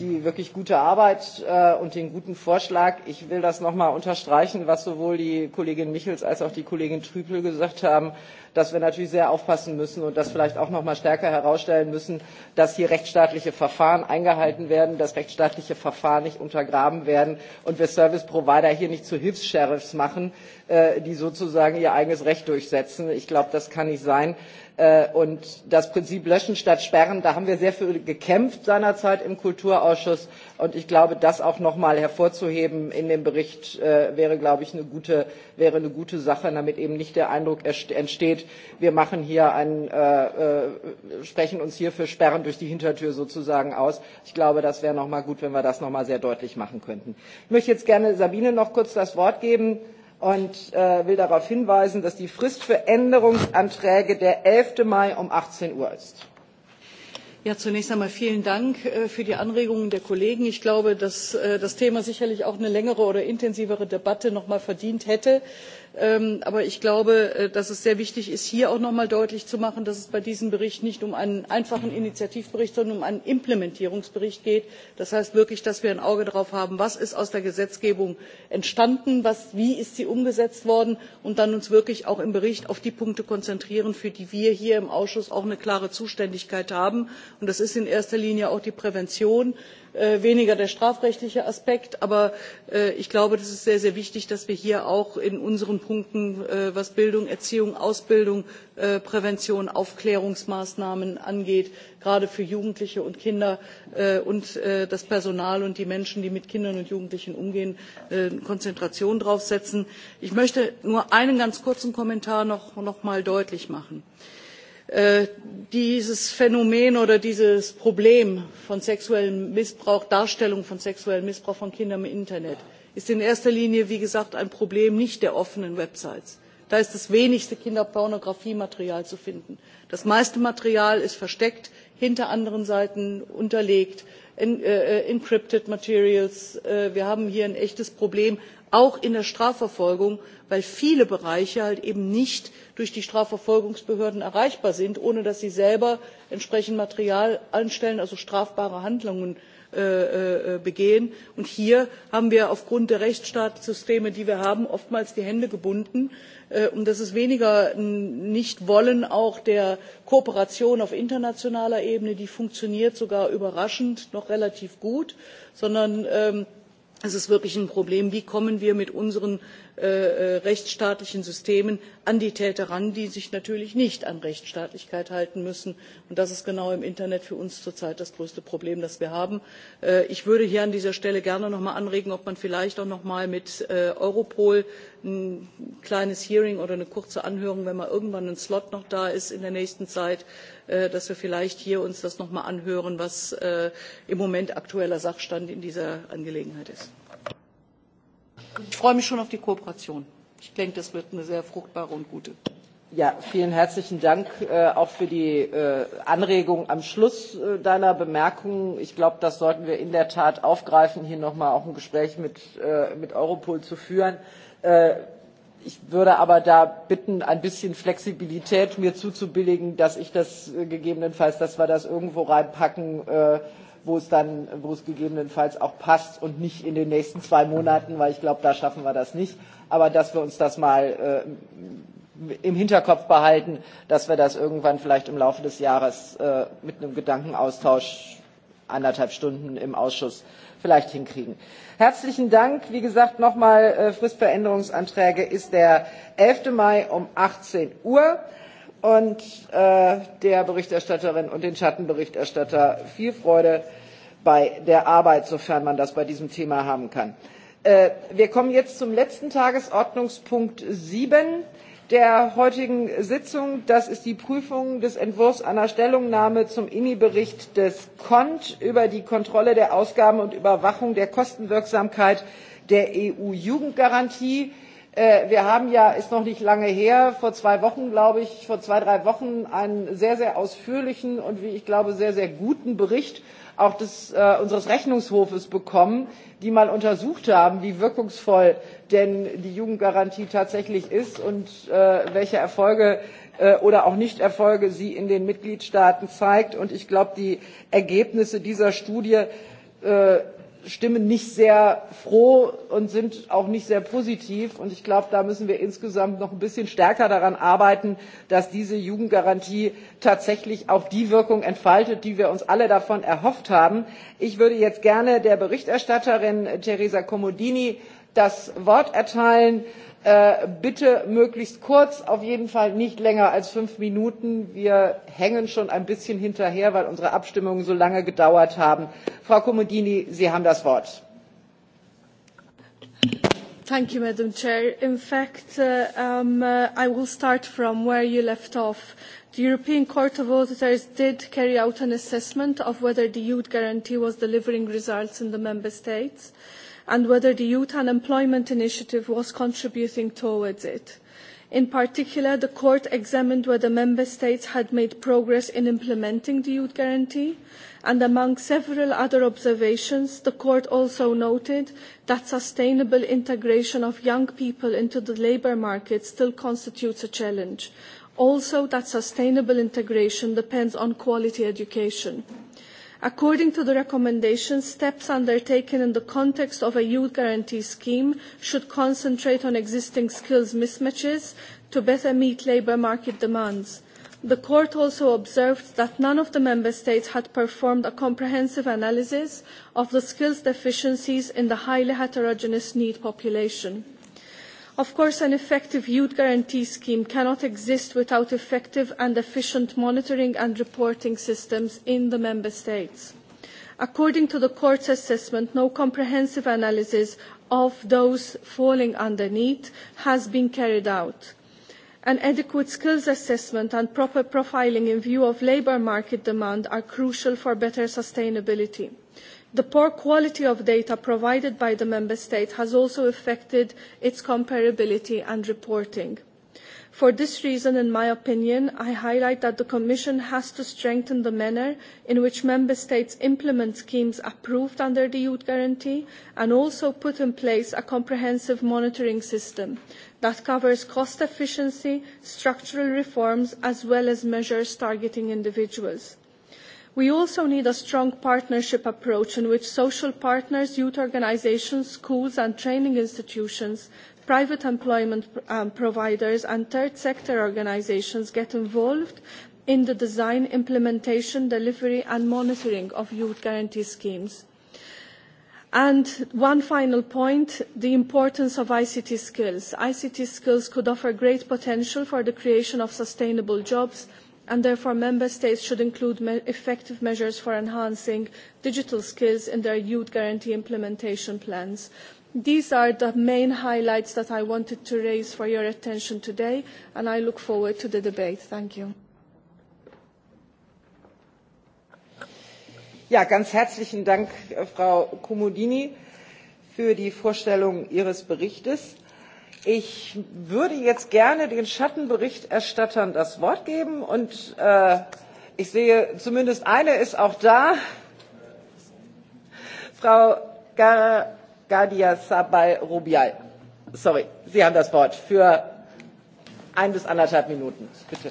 die wirklich gute Arbeit äh, und den guten Vorschlag. Ich will das nochmal unterstreichen, was sowohl die Kollegin Michels als auch die Kollegin Trüpel gesagt haben, dass wir natürlich sehr aufpassen müssen und das vielleicht auch nochmal stärker herausstellen müssen, dass hier rechtsstaatliche Verfahren eingehalten werden, dass rechtsstaatliche Verfahren nicht untergraben werden und wir Service Provider hier nicht zu Hilfs-Sheriffs machen, äh, die sozusagen ihr eigenes Recht durchsetzen. Ich glaube, das kann nicht sein Äh, und das Prinzip Löschen statt Sperren, da haben wir sehr viel gekämpft seinerzeit im Kulturausschuss. Und ich glaube, das auch noch nochmal hervorzuheben in dem Bericht äh, wäre, glaube ich, eine gute, wäre eine gute Sache, damit eben nicht der Eindruck entsteht, wir machen hier ein, äh, äh, sprechen uns hier für Sperren durch die Hintertür sozusagen aus. Ich glaube, das wäre noch nochmal gut, wenn wir das noch nochmal sehr deutlich machen könnten. Ich möchte jetzt gerne Sabine noch kurz das Wort geben und äh, will darauf hinweisen, dass die Frist für Änderungsanträge der 11. Mai um 18 Uhr ist. Ja, zunächst einmal vielen Dank äh, für die Anregungen der Kollegen. Ich glaube, dass äh, das Thema sicherlich auch eine längere oder intensivere Debatte noch mal verdient hätte. Ähm, aber ich glaube, äh, dass es sehr wichtig ist, hier auch noch mal deutlich zu machen, dass es bei diesem Bericht nicht um einen einfachen Initiativbericht, sondern um einen Implementierungsbericht geht. Das heißt wirklich, dass wir ein Auge darauf haben, was ist aus der Gesetzgebung entstanden, was, wie ist sie umgesetzt worden und dann uns wirklich auch im Bericht auf die Punkte konzentrieren, für die wir hier im Ausschuss auch eine klare Zuständigkeit haben und das ist in erster linie auch die prävention äh, weniger der strafrechtliche aspekt aber äh, ich glaube es ist sehr sehr wichtig dass wir hier auch in unseren punkten äh, was bildung erziehung ausbildung prävention aufklärungsmaßnahmen angeht gerade für jugendliche und kinder und das personal und die menschen die mit kindern und jugendlichen umgehen konzentration draufsetzen. ich möchte nur einen ganz kurzen kommentar noch einmal deutlich machen Äh, dieses phänomen oder dieses problem von sexuellem missbrauch darstellung von sexuellem missbrauch von kindern im internet ist in erster linie wie gesagt ein problem nicht der offenen websites da ist das wenigste kinderpornografiematerial zu finden. das meiste material ist versteckt hinter anderen seiten unterlegt in, äh, äh, encrypted materials. Äh, wir haben hier ein echtes problem auch in der strafverfolgung weil viele bereiche halt eben nicht durch die strafverfolgungsbehörden erreichbar sind ohne dass sie selber entsprechend material anstellen also strafbare handlungen äh, äh, äh, begehen. und hier haben wir aufgrund der rechtsstaatssysteme die wir haben oftmals die hände gebunden und das ist weniger ein nichtwollen auch der kooperation auf internationaler ebene die funktioniert sogar überraschend noch relativ gut sondern ähm, es ist wirklich ein problem wie kommen wir mit unseren äh, äh, rechtsstaatlichen systemen an die täter ran die sich natürlich nicht an rechtsstaatlichkeit halten müssen und das ist genau im internet für uns zurzeit das größte problem das wir haben. Äh, ich würde hier an dieser stelle gerne noch mal anregen ob man vielleicht auch noch mal mit äh, europol ein kleines hearing oder eine kurze anhörung wenn mal irgendwann ein slot noch da ist in der nächsten zeit Äh, dass wir vielleicht hier uns das noch mal anhören, was äh, im Moment aktueller Sachstand in dieser Angelegenheit ist. Ich freue mich schon auf die Kooperation. Ich denke, das wird eine sehr fruchtbare und gute. Ja, vielen herzlichen Dank äh, auch für die äh, Anregung am Schluss äh, deiner Bemerkungen. Ich glaube, das sollten wir in der Tat aufgreifen, hier nochmal auch ein Gespräch mit, äh, mit Europol zu führen. Äh, Ich würde aber da bitten, ein bisschen Flexibilität mir zuzubilligen, dass ich das äh, gegebenenfalls, dass wir das irgendwo reinpacken, äh, wo es dann, wo es gegebenenfalls auch passt und nicht in den nächsten zwei Monaten, weil ich glaube, da schaffen wir das nicht. Aber dass wir uns das mal äh, im Hinterkopf behalten, dass wir das irgendwann vielleicht im Laufe des Jahres mit einem Gedankenaustausch anderthalb Stunden im Ausschuss vielleicht hinkriegen. Herzlichen Dank. Wie gesagt, nochmal äh, Frist für Änderungsanträge ist der 11. Mai um 18 Uhr und äh, der Berichterstatterin und den Schattenberichterstatter viel Freude bei der Arbeit, sofern man das bei diesem Thema haben kann. Äh, wir kommen jetzt zum letzten Tagesordnungspunkt 7 der heutigen sitzung das ist die prüfung des entwurfs einer stellungnahme zum ini bericht des cont über die kontrolle der ausgaben und überwachung der kostenwirksamkeit der eu jugendgarantie. Äh, wir haben ja ist noch nicht lange her vor zwei wochen glaube ich vor zwei drei wochen einen sehr sehr ausführlichen und wie ich glaube sehr sehr guten bericht auch des, äh, unseres Rechnungshofes bekommen, die mal untersucht haben, wie wirkungsvoll denn die Jugendgarantie tatsächlich ist und äh, welche Erfolge äh, oder auch Nichterfolge sie in den Mitgliedstaaten zeigt. Und ich glaube, die Ergebnisse dieser Studie äh, stimmen nicht sehr froh und sind auch nicht sehr positiv. Und ich glaube, da müssen wir insgesamt noch ein bisschen stärker daran arbeiten, dass diese Jugendgarantie tatsächlich auch die Wirkung entfaltet, die wir uns alle davon erhofft haben. Ich würde jetzt gerne der Berichterstatterin Teresa Comodini das Wort erteilen. Äh, bitte möglichst kurz auf jeden fall nicht länger als fünf minuten wir hängen schon ein bisschen hinterher weil unsere abstimmungen so lange gedauert haben. frau comodini sie haben das wort. Thank you, Madam Chair. In fact, uh, um, uh, I will start from where you left off. The European Court of Auditors did carry out an assessment of whether the youth guarantee was delivering results in the member states and whether the Youth Unemployment Initiative was contributing towards it. In particular, the court examined whether member states had made progress in implementing the youth guarantee, and among several other observations, the court also noted that sustainable integration of young people into the labour market still constitutes a challenge. Also, that sustainable integration depends on quality education. According to the recommendation, steps undertaken in the context of a youth guarantee scheme should concentrate on existing skills mismatches to better meet labour market demands. The court also observed that none of the member states had performed a comprehensive analysis of the skills deficiencies in the highly heterogeneous need population. Of course, an effective youth guarantee scheme cannot exist without effective and efficient monitoring and reporting systems in the Member States. According to the Court's assessment, no comprehensive analysis of those falling underneath has been carried out. An adequate skills assessment and proper profiling in view of labour market demand are crucial for better sustainability. The poor quality of data provided by the member state has also affected its comparability and reporting. For this reason, in my opinion, I highlight that the Commission has to strengthen the manner in which member states implement schemes approved under the Youth Guarantee and also put in place a comprehensive monitoring system that covers cost efficiency, structural reforms, as well as measures targeting individuals. We also need a strong partnership approach in which social partners, youth organisations, schools and training institutions, private employment um, providers and third sector organisations get involved in the design, implementation, delivery and monitoring of youth guarantee schemes. And one final point, the importance of ICT skills. ICT skills could offer great potential for the creation of sustainable jobs and therefore member states should include me effective measures for enhancing digital skills in their youth guarantee implementation plans. These are the main highlights that I wanted to raise for your attention today, and I look forward to the debate. Thank you. Ja, ganz herzlichen Dank, äh, Frau Comodini, für die Vorstellung Ihres Berichtes. Ich würde jetzt gerne den Schattenberichterstattern das Wort geben und äh, ich sehe, zumindest eine ist auch da. Frau Gardia Sabal Rubial. Sorry, Sie haben das Wort für ein bis anderthalb Minuten. Bitte.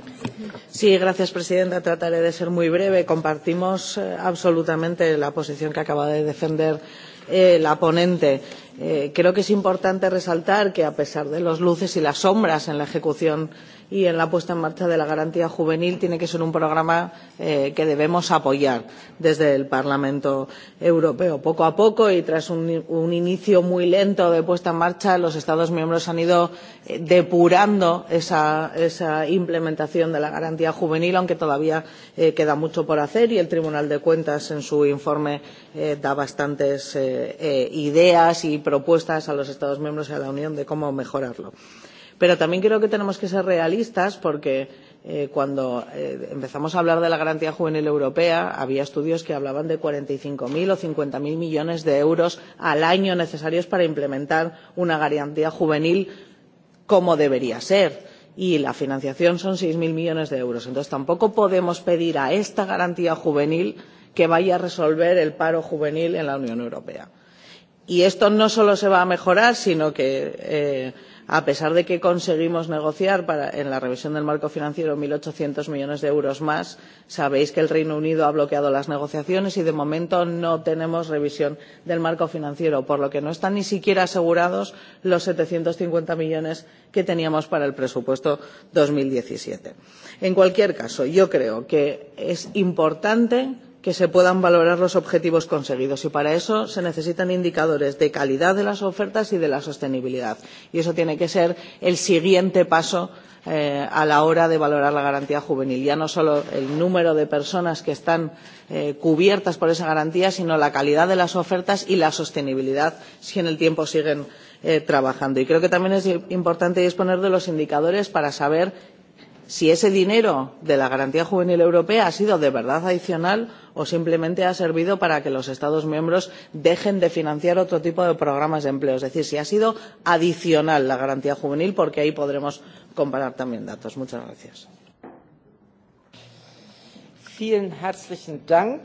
Sí, gracias, Presidenta. Trataré de ser muy breve. Compartimos eh, absolutamente la posición que acaba de defender eh, la ponente. Eh, creo que es importante resaltar que, a pesar de los luces y las sombras en la ejecución y en la puesta en marcha de la garantía juvenil, tiene que ser un programa eh, que debemos apoyar desde el Parlamento Europeo. Poco a poco y tras un, un inicio muy lento de puesta en marcha, los Estados miembros han ido eh, depurando esa, esa implementación de la garantía juvenil, aunque todavía eh, queda mucho por hacer y el Tribunal de Cuentas en su informe eh, da bastantes eh, eh, ideas y propuestas a los Estados miembros y a la Unión de cómo mejorarlo. Pero también creo que tenemos que ser realistas porque eh, cuando eh, empezamos a hablar de la garantía juvenil europea había estudios que hablaban de 45.000 o 50.000 millones de euros al año necesarios para implementar una garantía juvenil como debería ser y la financiación son 6.000 millones de euros. Entonces tampoco podemos pedir a esta garantía juvenil que vaya a resolver el paro juvenil en la Unión Europea Y esto no solo se va a mejorar, sino que, eh, a pesar de que conseguimos negociar para, en la revisión del marco financiero 1.800 millones de euros más, sabéis que el Reino Unido ha bloqueado las negociaciones y de momento no tenemos revisión del marco financiero, por lo que no están ni siquiera asegurados los 750 millones que teníamos para el presupuesto 2017. En cualquier caso, yo creo que es importante que se puedan valorar los objetivos conseguidos y para eso se necesitan indicadores de calidad de las ofertas y de la sostenibilidad y eso tiene que ser el siguiente paso eh, a la hora de valorar la garantía juvenil ya no solo el número de personas que están eh, cubiertas por esa garantía sino la calidad de las ofertas y la sostenibilidad si en el tiempo siguen eh, trabajando y creo que también es importante disponer de los indicadores para saber si ese dinero de la garantía juvenil europea ha sido de verdad adicional o simplemente ha servido para que los Estados miembros dejen de financiar otro tipo de programas de empleo. Es decir, si ha sido adicional la garantía juvenil, porque ahí podremos comparar también datos. Muchas gracias. Vielen herzlichen Dank.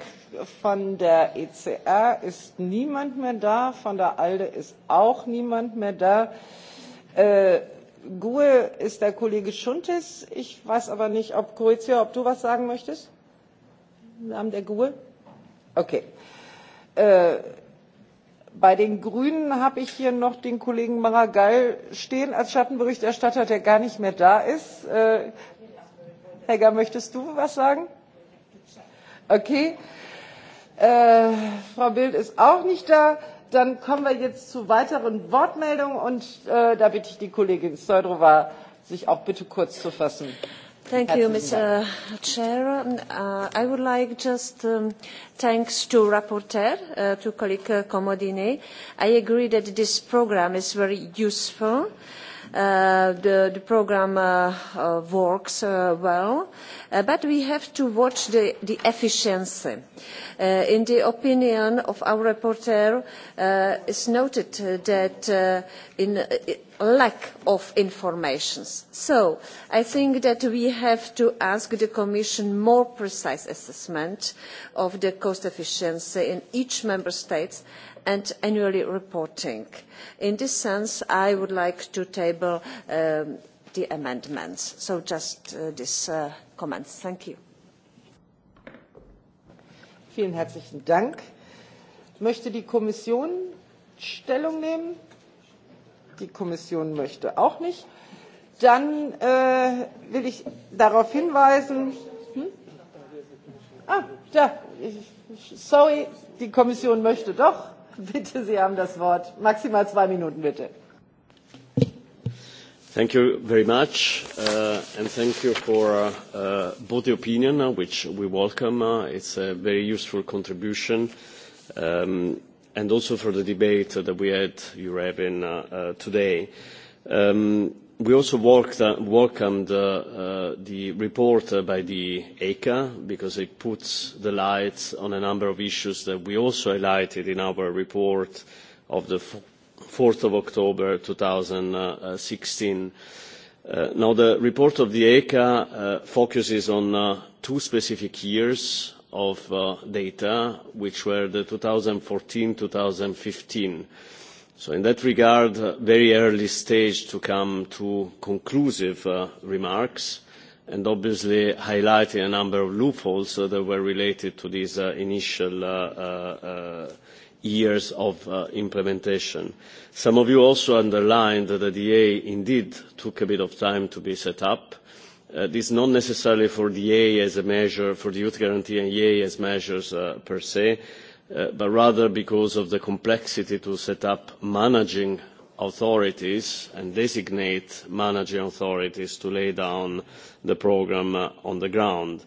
Von der ECR ist niemand mehr da, von der ALDE ist auch niemand mehr da. Äh, GUE ist der Kollege Schuntes. Ich weiß aber nicht, ob Corizio, ob du was sagen möchtest? Im Namen der GUE? Okay. Äh, bei den Grünen habe ich hier noch den Kollegen Maragall stehen als Schattenberichterstatter, der gar nicht mehr da ist. Äh, Helga, möchtest du was sagen? Okay. Äh, Frau Bild ist auch nicht da dann kommen wir jetzt zu weiteren Wortmeldungen und äh, da bitte ich die Kollegin Södrova, sich auch bitte kurz zu fassen. Thank you, Mr. Chair. Uh, I would like just um, thanks to rapporteur, uh, to colleague uh, Comodini. I agree that this program is very useful. Uh, the, the programme uh, uh, works uh, well uh, but we have to watch the, the efficiency. Uh, in the opinion of our rapporteur it is noted that in lack of information. so i think that we have to ask the commission for more precise assessment of the cost efficiency in each member state and annually reporting. In this sense, I would like to table um, the amendments. So just uh, these uh, comments. Thank you. Vielen herzlichen Dank. Möchte die Kommission Stellung nehmen? Die Kommission möchte auch nicht. Dann äh, will ich darauf hinweisen. Hm? Ah, da. Sorry, die Kommission möchte doch. Bitte, Sie haben das Wort. Maximal zwei Minuten, bitte. Thank you very much, uh, and thank you for uh, uh, both the opinion, uh, which we welcome. Uh, it's a very useful contribution, um, and also for the debate that we had, you're having uh, uh, today. Um, We also welcomed uh, uh, the report uh, by the ECA because it puts the light on a number of issues that we also highlighted in our report of the 4th of October 2016. Uh, now, the report of the ECA focuses on two specific years of data, which were the 2014, 2015 So in that regard, uh, very early stage to come to conclusive uh, remarks and obviously highlighting a number of loopholes uh, that were related to these uh, initial years of implementation. Some of you also underlined that the DA indeed took a bit of time to be set up. This not necessarily for DA as a measure, for the youth guarantee and DA e as measures per se, Uh, but rather because of the complexity to set up managing authorities and designate managing authorities to lay down the programme uh, on the ground.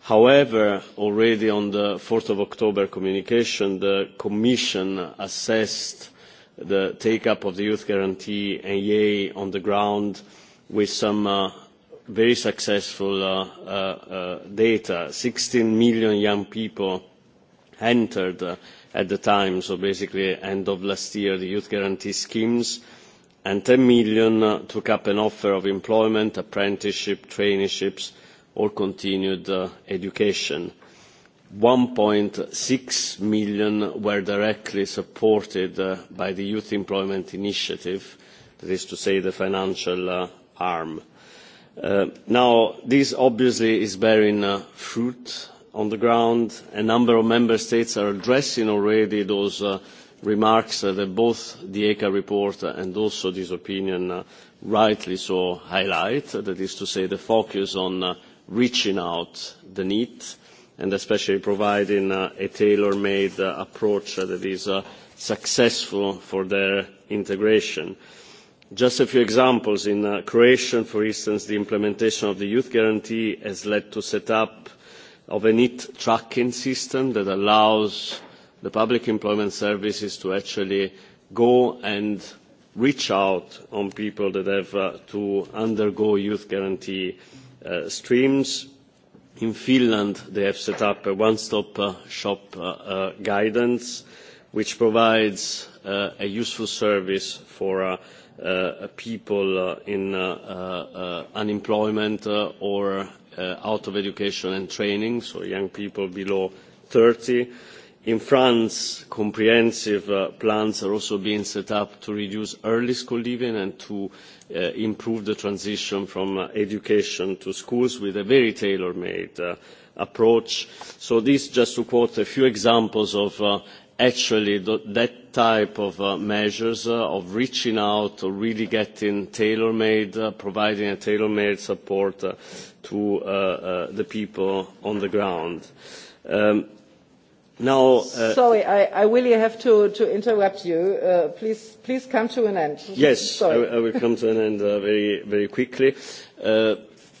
However, already on the 4th of October communication, the Commission assessed the take-up of the Youth Guarantee and EA on the ground with some uh, very successful uh, uh data. 16 million young people entered uh, at the time, so basically end of last year, the youth guarantee schemes, and 10 million uh, took up an offer of employment, apprenticeship, traineeships, or continued uh, education. 1.6 million were directly supported by the Youth Employment Initiative, that is to say, the financial arm. Uh, now, this obviously is bearing fruit, on the ground. A number of member states are addressing already those uh, remarks uh, that both the ECA report and also this opinion uh, rightly so highlight. Uh, that is to say, the focus on uh, reaching out the need and especially providing uh, a tailor-made approach that is successful for their integration. Just a few examples. In Croatia, for instance, the implementation of the youth guarantee has led to set up of a neat tracking system that allows the public employment services to actually go and reach out on people that have uh, to undergo youth guarantee uh, streams. In Finland, they have set up a one-stop uh, shop uh, uh, guidance, which provides uh, a useful service for people in unemployment or Uh, out of education and training, so young people below 30. In France, comprehensive uh, plans are also being set up to reduce early school leaving and to uh, improve the transition from uh, education to schools with a very tailor-made uh, approach. So this, just to quote a few examples of uh, actually that type of uh, measures uh, of reaching out or really getting tailor-made, uh, providing a tailor-made support uh, to uh, uh, the people on the ground. Um, now, uh, Sorry, I, I really have to, interrupt you. please, come to an end. Yes, I, I will come to an end very, very quickly.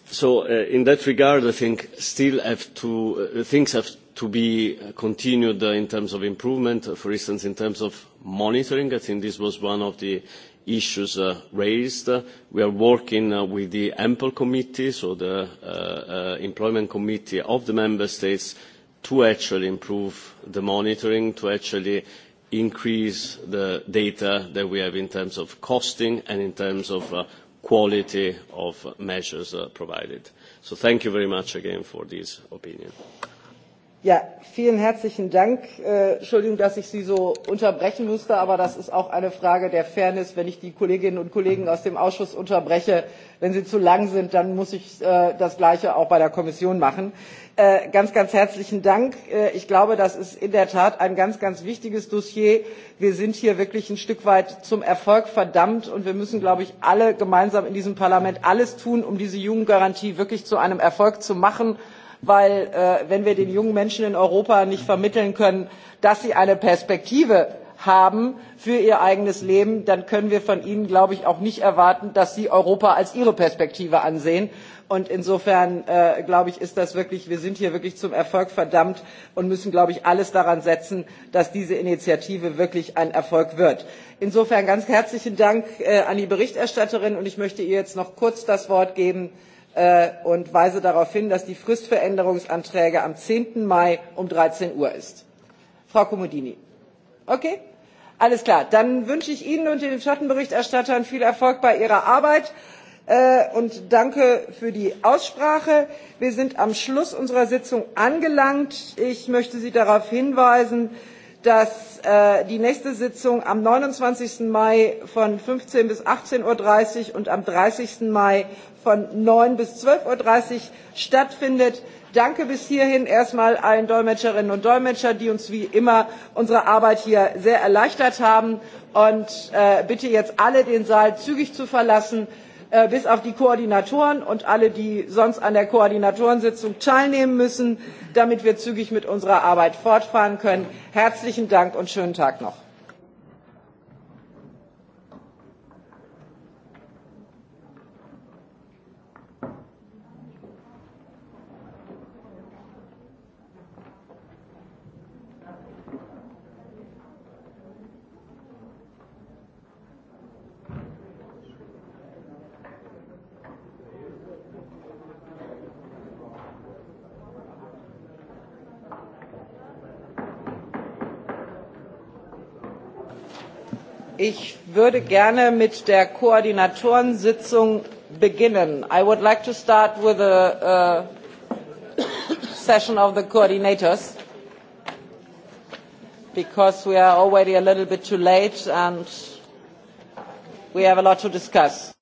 so, in that regard, I think still have to things have to be continued in terms of improvement, for instance, in terms of monitoring. I think this was one of the issues uh, raised. We are working uh, with the ample committee, so the uh, uh, employment committee of the member states, to actually improve the monitoring, to actually increase the data that we have in terms of costing and in terms of quality of measures provided. So thank you very much again for this opinion. Ja, vielen herzlichen Dank. Äh, Entschuldigung, dass ich Sie so unterbrechen musste, aber das ist auch eine Frage der Fairness. Wenn ich die Kolleginnen und Kollegen aus dem Ausschuss unterbreche, wenn sie zu lang sind, dann muss ich äh, das Gleiche auch bei der Kommission machen. Äh, ganz, ganz herzlichen Dank. Äh, ich glaube, das ist in der Tat ein ganz, ganz wichtiges Dossier. Wir sind hier wirklich ein Stück weit zum Erfolg verdammt und wir müssen, glaube ich, alle gemeinsam in diesem Parlament alles tun, um diese Jugendgarantie wirklich zu einem Erfolg zu machen weil äh, wenn wir den jungen menschen in europa nicht vermitteln können dass sie eine perspektive haben für ihr eigenes leben dann können wir von ihnen glaube ich auch nicht erwarten dass sie europa als ihre perspektive ansehen. und insofern äh, glaube ich ist das wirklich wir sind hier wirklich zum erfolg verdammt und müssen glaube ich alles daran setzen dass diese initiative wirklich ein erfolg wird. insofern ganz herzlichen dank äh, an die berichterstatterin und ich möchte ihr jetzt noch kurz das wort geben Äh, und weise darauf hin, dass die Frist für Änderungsanträge am 10. Mai um 13 Uhr ist. Frau Comodini. Okay? Alles klar. Dann wünsche ich Ihnen und den Schattenberichterstattern viel Erfolg bei Ihrer Arbeit äh, und danke für die Aussprache. Wir sind am Schluss unserer Sitzung angelangt. Ich möchte Sie darauf hinweisen, dass äh, die nächste Sitzung am 29. Mai von 15 bis 18.30 Uhr und am 30. Mai von 9 bis 12.30 Uhr stattfindet. Danke bis hierhin erstmal allen Dolmetscherinnen und Dolmetscher, die uns wie immer unsere Arbeit hier sehr erleichtert haben. Und äh, bitte jetzt alle den Saal zügig zu verlassen Äh, bis auf die Koordinatoren und alle, die sonst an der Koordinatorensitzung teilnehmen müssen, damit wir zügig mit unserer Arbeit fortfahren können. Herzlichen Dank und schönen Tag noch. ich würde gerne mit der koordinatorensitzung beginnen. i would like to start with a uh, session of the coordinators because we are already a little bit too late and we have a lot to discuss.